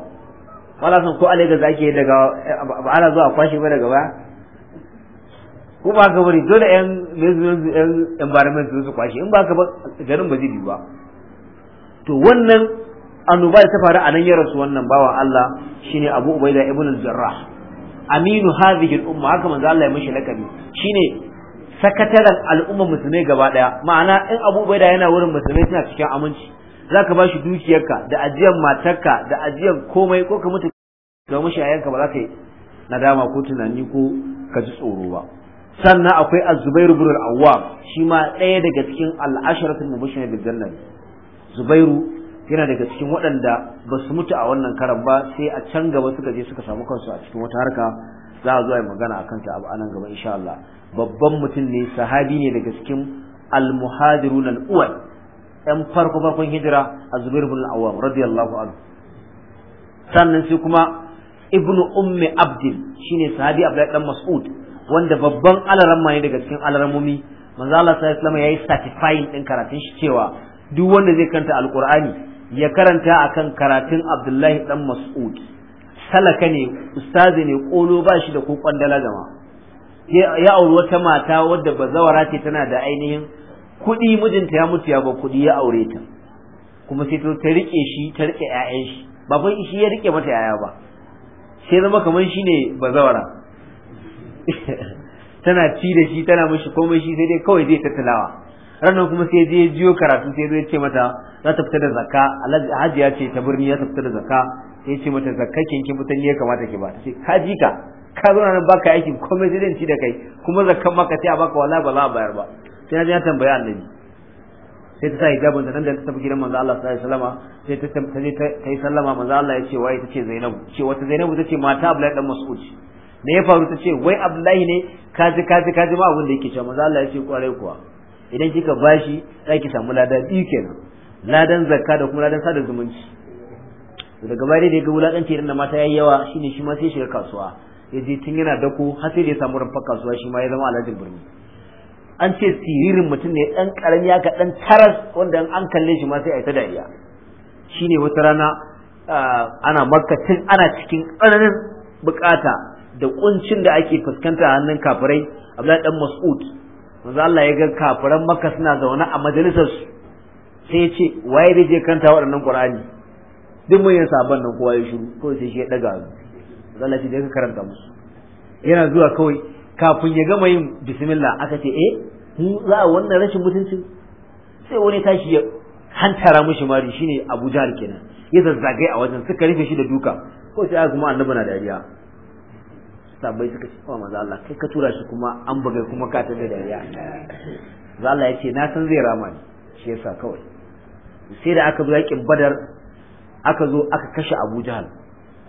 wala san ko alai ga zaki daga ba ana zuwa kwashe ba daga baya ko ba ka bari dole yan yan environment su kwashe in ba ka ba garin ba zai yi ba to wannan annoba da ta faru a nan ya rasu wannan bawan Allah shine Abu Ubaida ibn al-Jarrah aminu hadhihi al-umma haka manzo Allah ya mishi lakabi shine sakataren al'umma musulmai gaba daya ma'ana in Abu Ubaida yana wurin musulmai suna cikin aminci zaka ba shi dukiyarka da ajiyar matarka da ajiyar komai ko ka mutu ga mushayanka ba za ka yi nadama ko tunani ko ka ji tsoro ba sannan akwai az-Zubair ibn al-Awwam shi ma ɗaya daga cikin al-asharatul mubashirin bil jannah Zubairu yana daga cikin waɗanda ba su mutu a wannan karan ba sai a can gaba suka je suka samu kansu a cikin wata harka za a zo a yi magana a kanta a anan gaba insha Allah babban mutum ne sahabi ne daga cikin al-muhadirun al-uwal ɗan farko farkon hijira a zubair bin awam radiyallahu anhu sannan sai kuma ibnu ummi abdin shine sahabi abdullahi dan mas'ud wanda babban alaramma ne daga cikin alaramumi manzo Allah sallallahu alaihi wasallam yayi certifying din karatun shi cewa duk wanda zai kanta alqur'ani ya karanta akan karatun Abdullahi dan Mas'ud salaka ne ustazi ne kolo ba shi da ko kwandala gama ya auri wata mata wadda bazawara ce tana da ainihin kuɗi mijinta ya mutu ya ba kuɗi ya aure ta kuma sai ta rike shi ta rike ƴaƴan shi ba fa shi ya rike mata yaya ba sai zama kamar shine bazawara tana ci da shi tana mishi komai shi sai dai kawai zai tattalawa ranar kuma sai je jiyo karatu sai zai ce mata za ta fita da zakka hajiya ce ta birni za ta fita da zakka sai ce mata zakka kin kin fitan ne kamata ki ba ta ce ka ji ka ka zo nan baka aiki komai sai zan ci da kai kuma zakkan maka sai a baka wallahi ba za a bayar ba sai na tambaya annabi sai ta sa hijabin ta nan da ta tafi gidan manzo Allah sallallahu alaihi wasallama sai ta tambaye ta yi sallama manzo Allah ya ce wai ta ce Zainabu ce wata Zainabu ta ce mata Abdullahi dan Mas'ud me ya faru ta ce wai Abdullahi ne kaji kaji kaji ma abin da yake cewa manzo Allah ya ce kwarai kuwa idan kika bashi za ki samu ladan biyu kenan ladan zakka da kuma ladan sada zumunci daga baya da ya ga wulakanci idan da mata yayi yawa shine shi ma sai shiga kasuwa ya je tun yana dako har sai da ya samu rumfar kasuwa shi ma ya zama alhajin birni an ce siririn mutum ne dan karami aka dan taras wanda an kalle shi ma sai a yi ta dariya shine wata rana ana makka ana cikin tsananin bukata da kuncin da ake fuskanta a hannun kafirai Abdullahi dan Mas'ud manzo Allah ya ga kafiran maka suna zaune a majalisar su sai ya ce waye da je kanta waɗannan Qur'ani duk mun yin sabon nan kowa ya shiru kawai sai shi ya daga manzo Allah ya ka karanta musu yana zuwa kawai kafin ya gama yin bismillah aka ce eh za a wannan rashin mutuncin sai wani tashi ya hantara mishi mari shine Abu Jahl kenan ya zazzagai a wajen suka rufe shi da duka ko sai kuma annabi na dariya sabai suka ci kawai oh, maza Allah kai ka tura shi kuma an bage kuma ka tada da riya maza Allah ya ce na san zai rama ni shi yasa kawai sai da aka zo yakin badar aka zo aka kashe Abu Jahal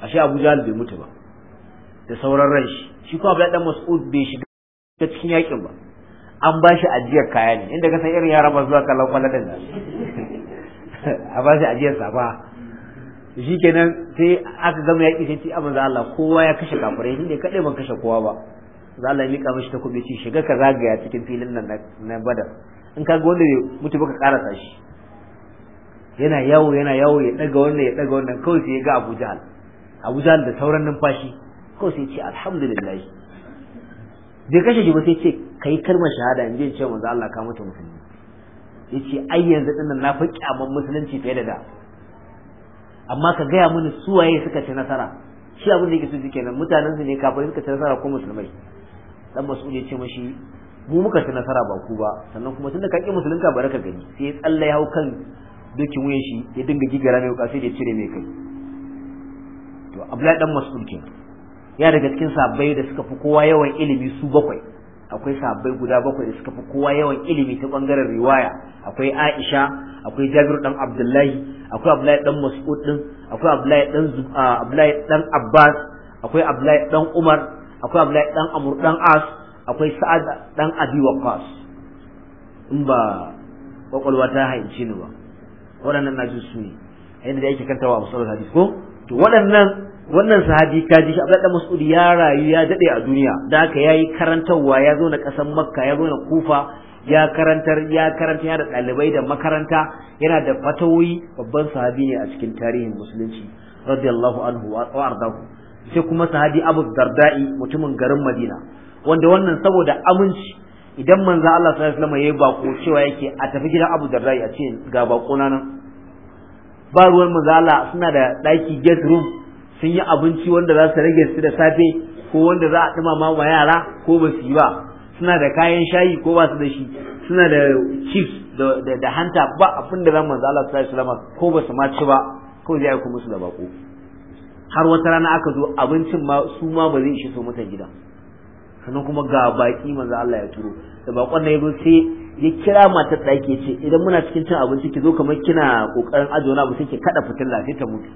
ashe Abu Jahal bai mutu ba da sauran ran shi shi kuma Abdullahi dan Mas'ud bai shiga cikin yakin ba an ba shi ajiyar kaya ne inda ka san irin yaran ba zuwa kallon kwallon nan a ba shi ajiyar safa shi kenan sai aka gama yaƙi sai ce amma Allah kowa ya kashe kafirai shi ne kadai ban kashe kowa ba za Allah ya mika mishi ta kuɓe ce shiga ka zagaya cikin filin nan na badar in ka ga wanda mutu baka karasa shi yana yawo yana yawo ya daga wannan ya daga wannan kawai sai ya ga Abu Jahal Abu Jahal da sauran numfashi kawai sai ya ce alhamdulillah bai kashe shi ba sai ce kai kalmar shahada in je ce manzo Allah ka mutu musulmi yace ai yanzu dinnan na fi kyaman musulunci fiye da da amma ka gaya mini suwaye suka ci nasara shi abin da yake so kenan mutanen su ne kafin suka ci nasara ko musulmai dan mas'ud ya ce mashi mu muka ci nasara ba ku ba sannan kuma tunda ka ki musulunka bari ka gani sai tsalle tsalla ya hau kan dukin wuyan shi ya dinga gigara mai wuka sai da ya cire mai kai to abdullahi dan mas'ud kenan ya daga cikin sabbai da suka fi kowa yawan ilimi su bakwai akwai sahabbai guda bakwai da suka fi kowa yawan ilimi ta bangaren riwaya akwai Aisha akwai Jabir dan Abdullahi akwai Abdullahi dan Mas'ud din akwai Abdullahi dan Abdullahi dan Abbas akwai Abdullahi dan Umar akwai Abdullahi dan Amr dan As akwai Sa'ad dan Abi Waqqas in ba kokolwa ta haice ni ba waɗannan na ji su ne a yadda da yake kantawa a musallar hadis ko to waɗannan wannan sahabi kaji shi Abdullah Mas'ud ya rayu ya daɗe a duniya da ya yi karantarwa ya zo na kasan Makka ya zo na Kufa ya karantar ya karanta da dalibai da makaranta yana da fatawoyi babban sahabi ne a cikin tarihin musulunci radiyallahu anhu wa ardahu sai kuma sahabi Abu Darda'i mutumin garin Madina wanda wannan saboda aminci idan manzo Allah sallallahu alaihi wasallam yayi bako cewa yake a tafi gidan Abu Darda'i a ce ga bako nan ba ruwan manzo Allah suna da ɗaki guest room sun yi abinci wanda za su rage su da safe ko wanda za a ma wa yara ko ba su yi ba suna da kayan shayi ko ba su da shi suna da chips da hanta ba abin da mu manzo Allah sallallahu alaihi ko ba su ma ci ba ko zai aiko musu da bako har wata rana aka zo abincin ma su ma ba zai ishe su mutan gida sannan kuma ga baki manzo Allah ya turo da bakon nan yazo sai ya kira matar ɗaki ya ce idan muna cikin cin abinci ki zo kamar kina kokarin ajona ba sai ki kada fitilla sai ta mutu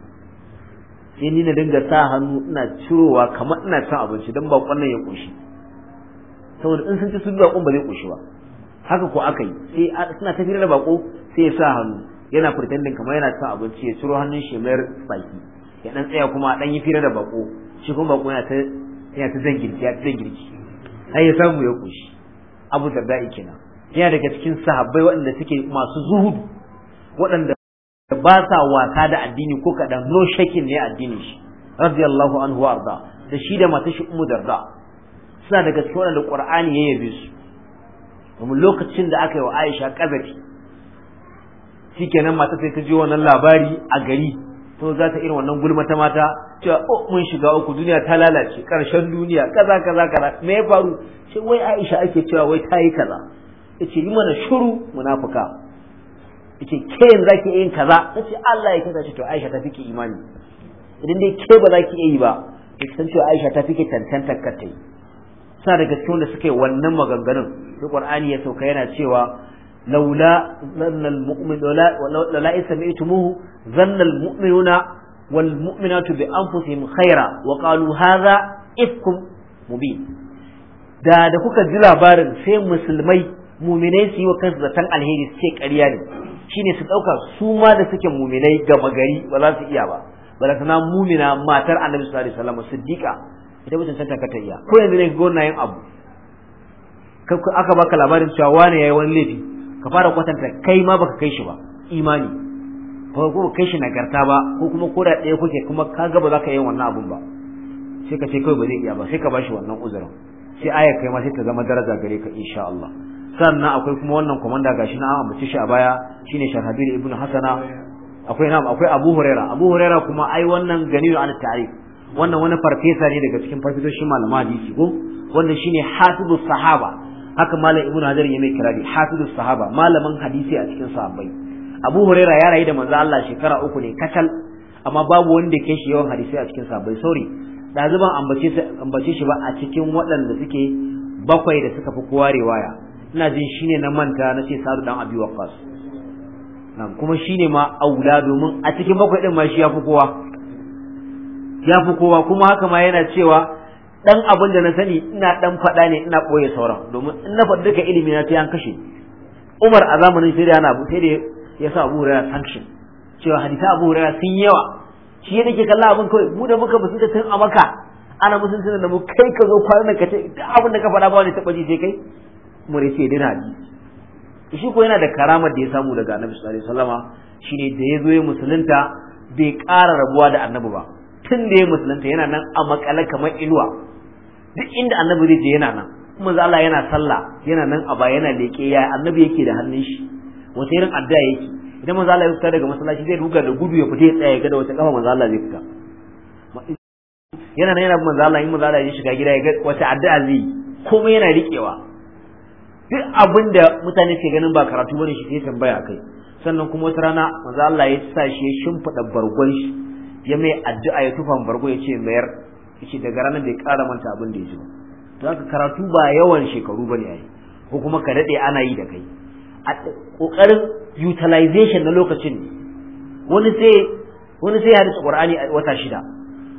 sai ni na dinga sa hannu ina cirowa kamar ina cin abinci don baƙon nan ya ƙoshi saboda in sun ci su baƙon ba zai ƙoshi ba haka ko aka yi sai suna tafiyar da baƙo sai ya sa hannu yana pretending kamar yana cin abinci ya ciro hannun shi mayar tsaki ya dan tsaya kuma dan yi fira da baƙo shi kuma bako yana ta yana ta zangirki ya zangirki sai ya samu ya ƙoshi abu da da'i kenan yana daga cikin sahabbai waɗanda suke masu zuhudu waɗanda ba sa wasa da addini ko kaɗan no shakin ne addini shi radiyallahu anhu arda da shi da matar shi ummu darda suna daga cikin wanda qur'ani ya yabe su kuma lokacin da aka yi wa aisha kazafi shikenan mata sai ta ji wannan labari a gari to za ta irin wannan gulma ta mata cewa oh mun shiga uku duniya ta lalace karshen duniya kaza kaza kaza me ya faru sai wai aisha ake cewa wai ta yi kaza yace yi mana shuru munafuka yace ke yanzu zaki yin kaza tace Allah ya kaza to Aisha ta fike imani idan dai ke ba za zaki yi ba ki san cewa Aisha ta fike tantanta kata yi sa daga cikin wanda suke wannan maganganun sai Qur'ani ya sauka yana cewa laula zannal mu'min laula isma'itumuhu zannal mu'minuna wal mu'minatu bi anfusihim khaira wa qalu hadha ifkum mubin da da kuka ji labarin sai musulmai muminai su yi wa kansu zaton alheri su ce ƙarya ne shine su ɗauka su ma da suke muminai gama gari ba za su iya ba sana mumina matar annabi sallallahu alaihi wasallam siddiqa ita mutum san ta iya ko yanzu ne gona yin abu kai aka baka labarin cewa wani yayi wani laifi ka fara kwatanta kai ma baka kai shi ba imani ko kai shi nagarta ba ko kuma koda ɗaya kuke kuma ka ga ba za ka yi wannan abun ba sai ka ce kawai ba zai iya ba sai ka bashi wannan uzurin sai aya kai ma sai ta zama daraja gare ka insha Allah sannan akwai kuma wannan komanda gashi na ambace shi a baya shine Sharhabil ibn Hasana akwai na akwai Abu Huraira Abu Huraira kuma ai wannan ganiyu an tare, wannan wani farfesa ne daga cikin farfesoshin malama hadisi ko wannan shine hafizu sahaba haka malam ibnu hajar ya mai kirari hafizu sahaba malaman hadisi a cikin sahabbai Abu Huraira ya rayu da manzo Allah shekara uku ne kacal amma babu wanda ke shi yawan hadisi a cikin sahabbai sorry da ban ambace shi ba a cikin waɗanda suke bakwai da suka fi kowa riwaya ina jin shi ne na manta na ce sa'adu dan abi waqas nan kuma shine ma aula domin a cikin bakwai din ma shi yafi kowa yafi kowa kuma haka ma yana cewa dan abin da na sani ina dan faɗa ne ina ɓoye sauran domin in na faɗi duka ilimi na sai an kashe Umar a zamanin sai da yana abu sai da ya sa Abu Hurairah sanction cewa hadisa Abu Hurairah sun yawa shi ne ke kalla abin kawai mu da muka musulunta tun a maka ana sunan da mu kai ka zo kwana ka ce duk abin da ka faɗa ba wani taɓa ji sai kai kuma da yake dina bi shi ko yana da karamar da ya samu daga Annabi sallallahu alaihi wasallama shine da ya zo ya musulunta bai ƙara rabuwa da Annabi ba tun da ya musulunta yana nan a makale kamar inuwa duk inda Annabi zai je yana nan kuma Allah yana sallah yana nan a baya yana leke ya Annabi yake da hannun shi wata irin addu'a yake idan manzo Allah ya fita daga masallaci zai ruga da gudu ya fita ya tsaya ya ga da wata kafa manzo Allah zai fita yana nan yana manzo Allah in manzo Allah ya shiga gida ya ga wata addu'a zai komai yana riƙewa duk abin da mutane ke ganin ba karatu bane shi sai tambaya kai, sannan kuma wata rana manzo Allah ya sa shi ya shimfida bargon shi ya mai addu'a ya tufa bargo ya ce mayar yace daga ranar bai kara manta abin da ya ba to haka karatu ba yawan shekaru bane yayi ko kuma ka dade ana yi da kai a kokarin utilization na lokacin wani sai wani sai ya hadisi Qur'ani wata shida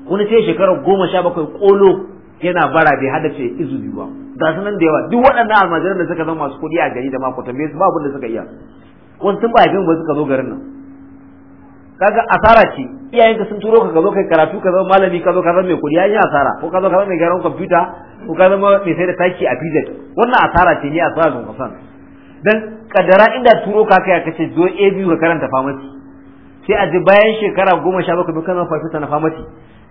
wani sai shekarar goma sha bakwai kolo yana bara bai hadace izu biyu ba ga su nan da yawa duk waɗannan almajiran da suka zama masu kuɗi a gari da mako tambaye su ba abin da suka iya wani sun ba ba suka zo garin nan kaga asara ce iyayenka sun turo ka zo kai karatu ka zama malami ka zo ka zama mai kuɗi yi asara ko ka zo ka zama mai gyaran kwamfuta ko ka zama mai sai da taki a pz wannan asara ce ne asara ga kasan dan kadara inda turo ka kai ka ce zo a biyu ka karanta famasi sai a ji bayan shekara goma sha bakwai ka zama farfesa na famasi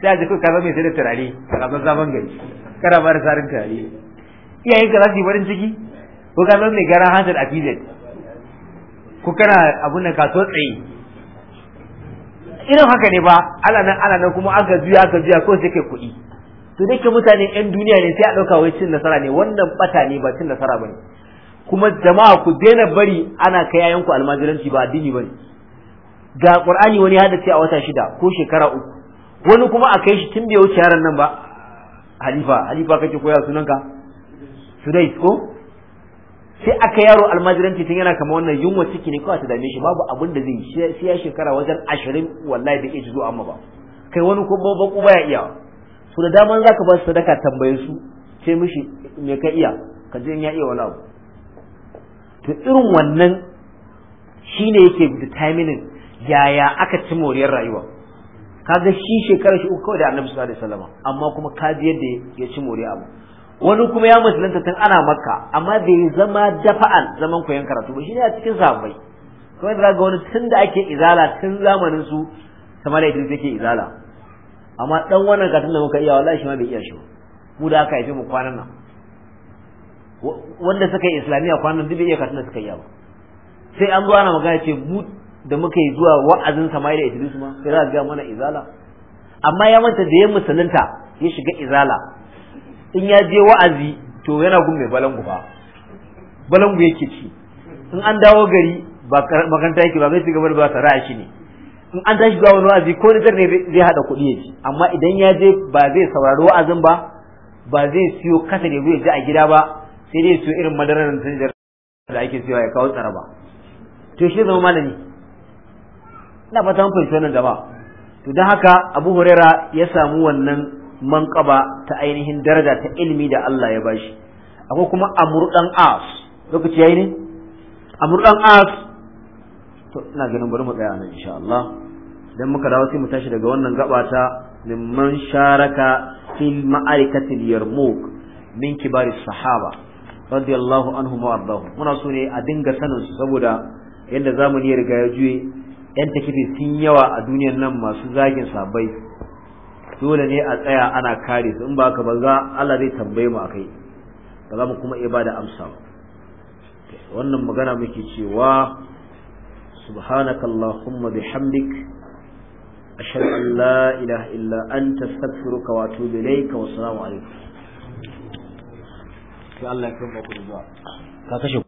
sai a ji kai ka zama mai sai da turare ka zama zaman gari kada ba da sarin turare iyayen ka za su yi farin ciki ko ka zama gara hanzar a fizet ko kana abin da kaso tsaye irin haka ne ba ana nan ana nan kuma aka juya aka juya ko sai kai kuɗi to dai ke mutane yan duniya ne sai a ɗauka wai cin nasara ne wannan bata ne ba cin nasara ba ne kuma jama'a ku daina bari ana kai yayanku almajiranci ba addini ba ne ga qur'ani wani ya ce a wata shida ko shekara uku wani kuma a kai shi tun bai wuce yaran nan ba halifa halifa kake koya sunanka sudais ko sai aka yaro almajiranci tun yana kama wannan yunwa ciki ne kawai ta dame shi babu abin da zai sai ya shekara wajen ashirin wallahi da iya zuwa amma ba kai wani ko baku baya iya su da daman zaka ba su sadaka tambaye su ce mishi me ka iya ka je ya iya wani abu to irin wannan shine yake da timing yaya aka ci moriyar rayuwa kaga shi shekara shi uku kawai da annabi sallallahu alaihi wasallam amma kuma ji yadda ya ci moriya abu wani kuma ya musulunta tun ana makka amma bai zama dafa'an zaman koyon karatu ba shi ne a cikin sahabbai kuma da ga wani tun da ake izala tun zamanin su kamar yadda take izala amma dan wannan katin da muka iya wallahi shi ma bai iya shi mu da aka haife mu kwanan nan wanda suka yi islamiyya kwanan duk bai iya katin da suka iya ba sai an zo ana magana ce mu da muka yi zuwa wa'azin samai da Idris ma sai za ga mana izala amma ya manta da ya musulunta ya shiga izala in ya je wa'azi to yana gun mai balangu ba balangu yake ci in an dawo gari ba makaranta yake ba zai ci da ba shi ne in an tashi zuwa wani wa'azi ko da ne zai hada kuɗi ya ci amma idan ya je ba zai saurari wa'azin ba ba zai siyo kasa ne zai ji a gida ba sai dai siyo irin madarar da ake siyo ya kawo tsara ba to shi zama malami ina fata mun wannan jama'a to don haka abu huraira ya samu wannan manqaba ta ainihin daraja ta ilimi da Allah ya bashi akwai kuma amurdan dan as lokaci yayi ne amurdan as to ina ganin bari mu tsaya nan insha Allah dan muka dawo sai mu tashi daga wannan gaba ta liman sharaka fil ma'arikatil yarmuk min kibari sahaba radiyallahu anhu ma'ardahu muna so ne a dinga sanin su saboda yadda zamani ya riga ya juye yan takifi sun yawa a duniyar nan masu zagin sabai dole ne a tsaya ana kare su in ba ka banza Allah zai tambaye mu akai ba za mu kuma iya bada amsa wannan magana muke cewa subhanaka allahumma bihamdik ashhadu an la ilaha illa anta astaghfiruka wa atubu ilayka wa assalamu alaikum sai Allah ya kuma ku ka kashe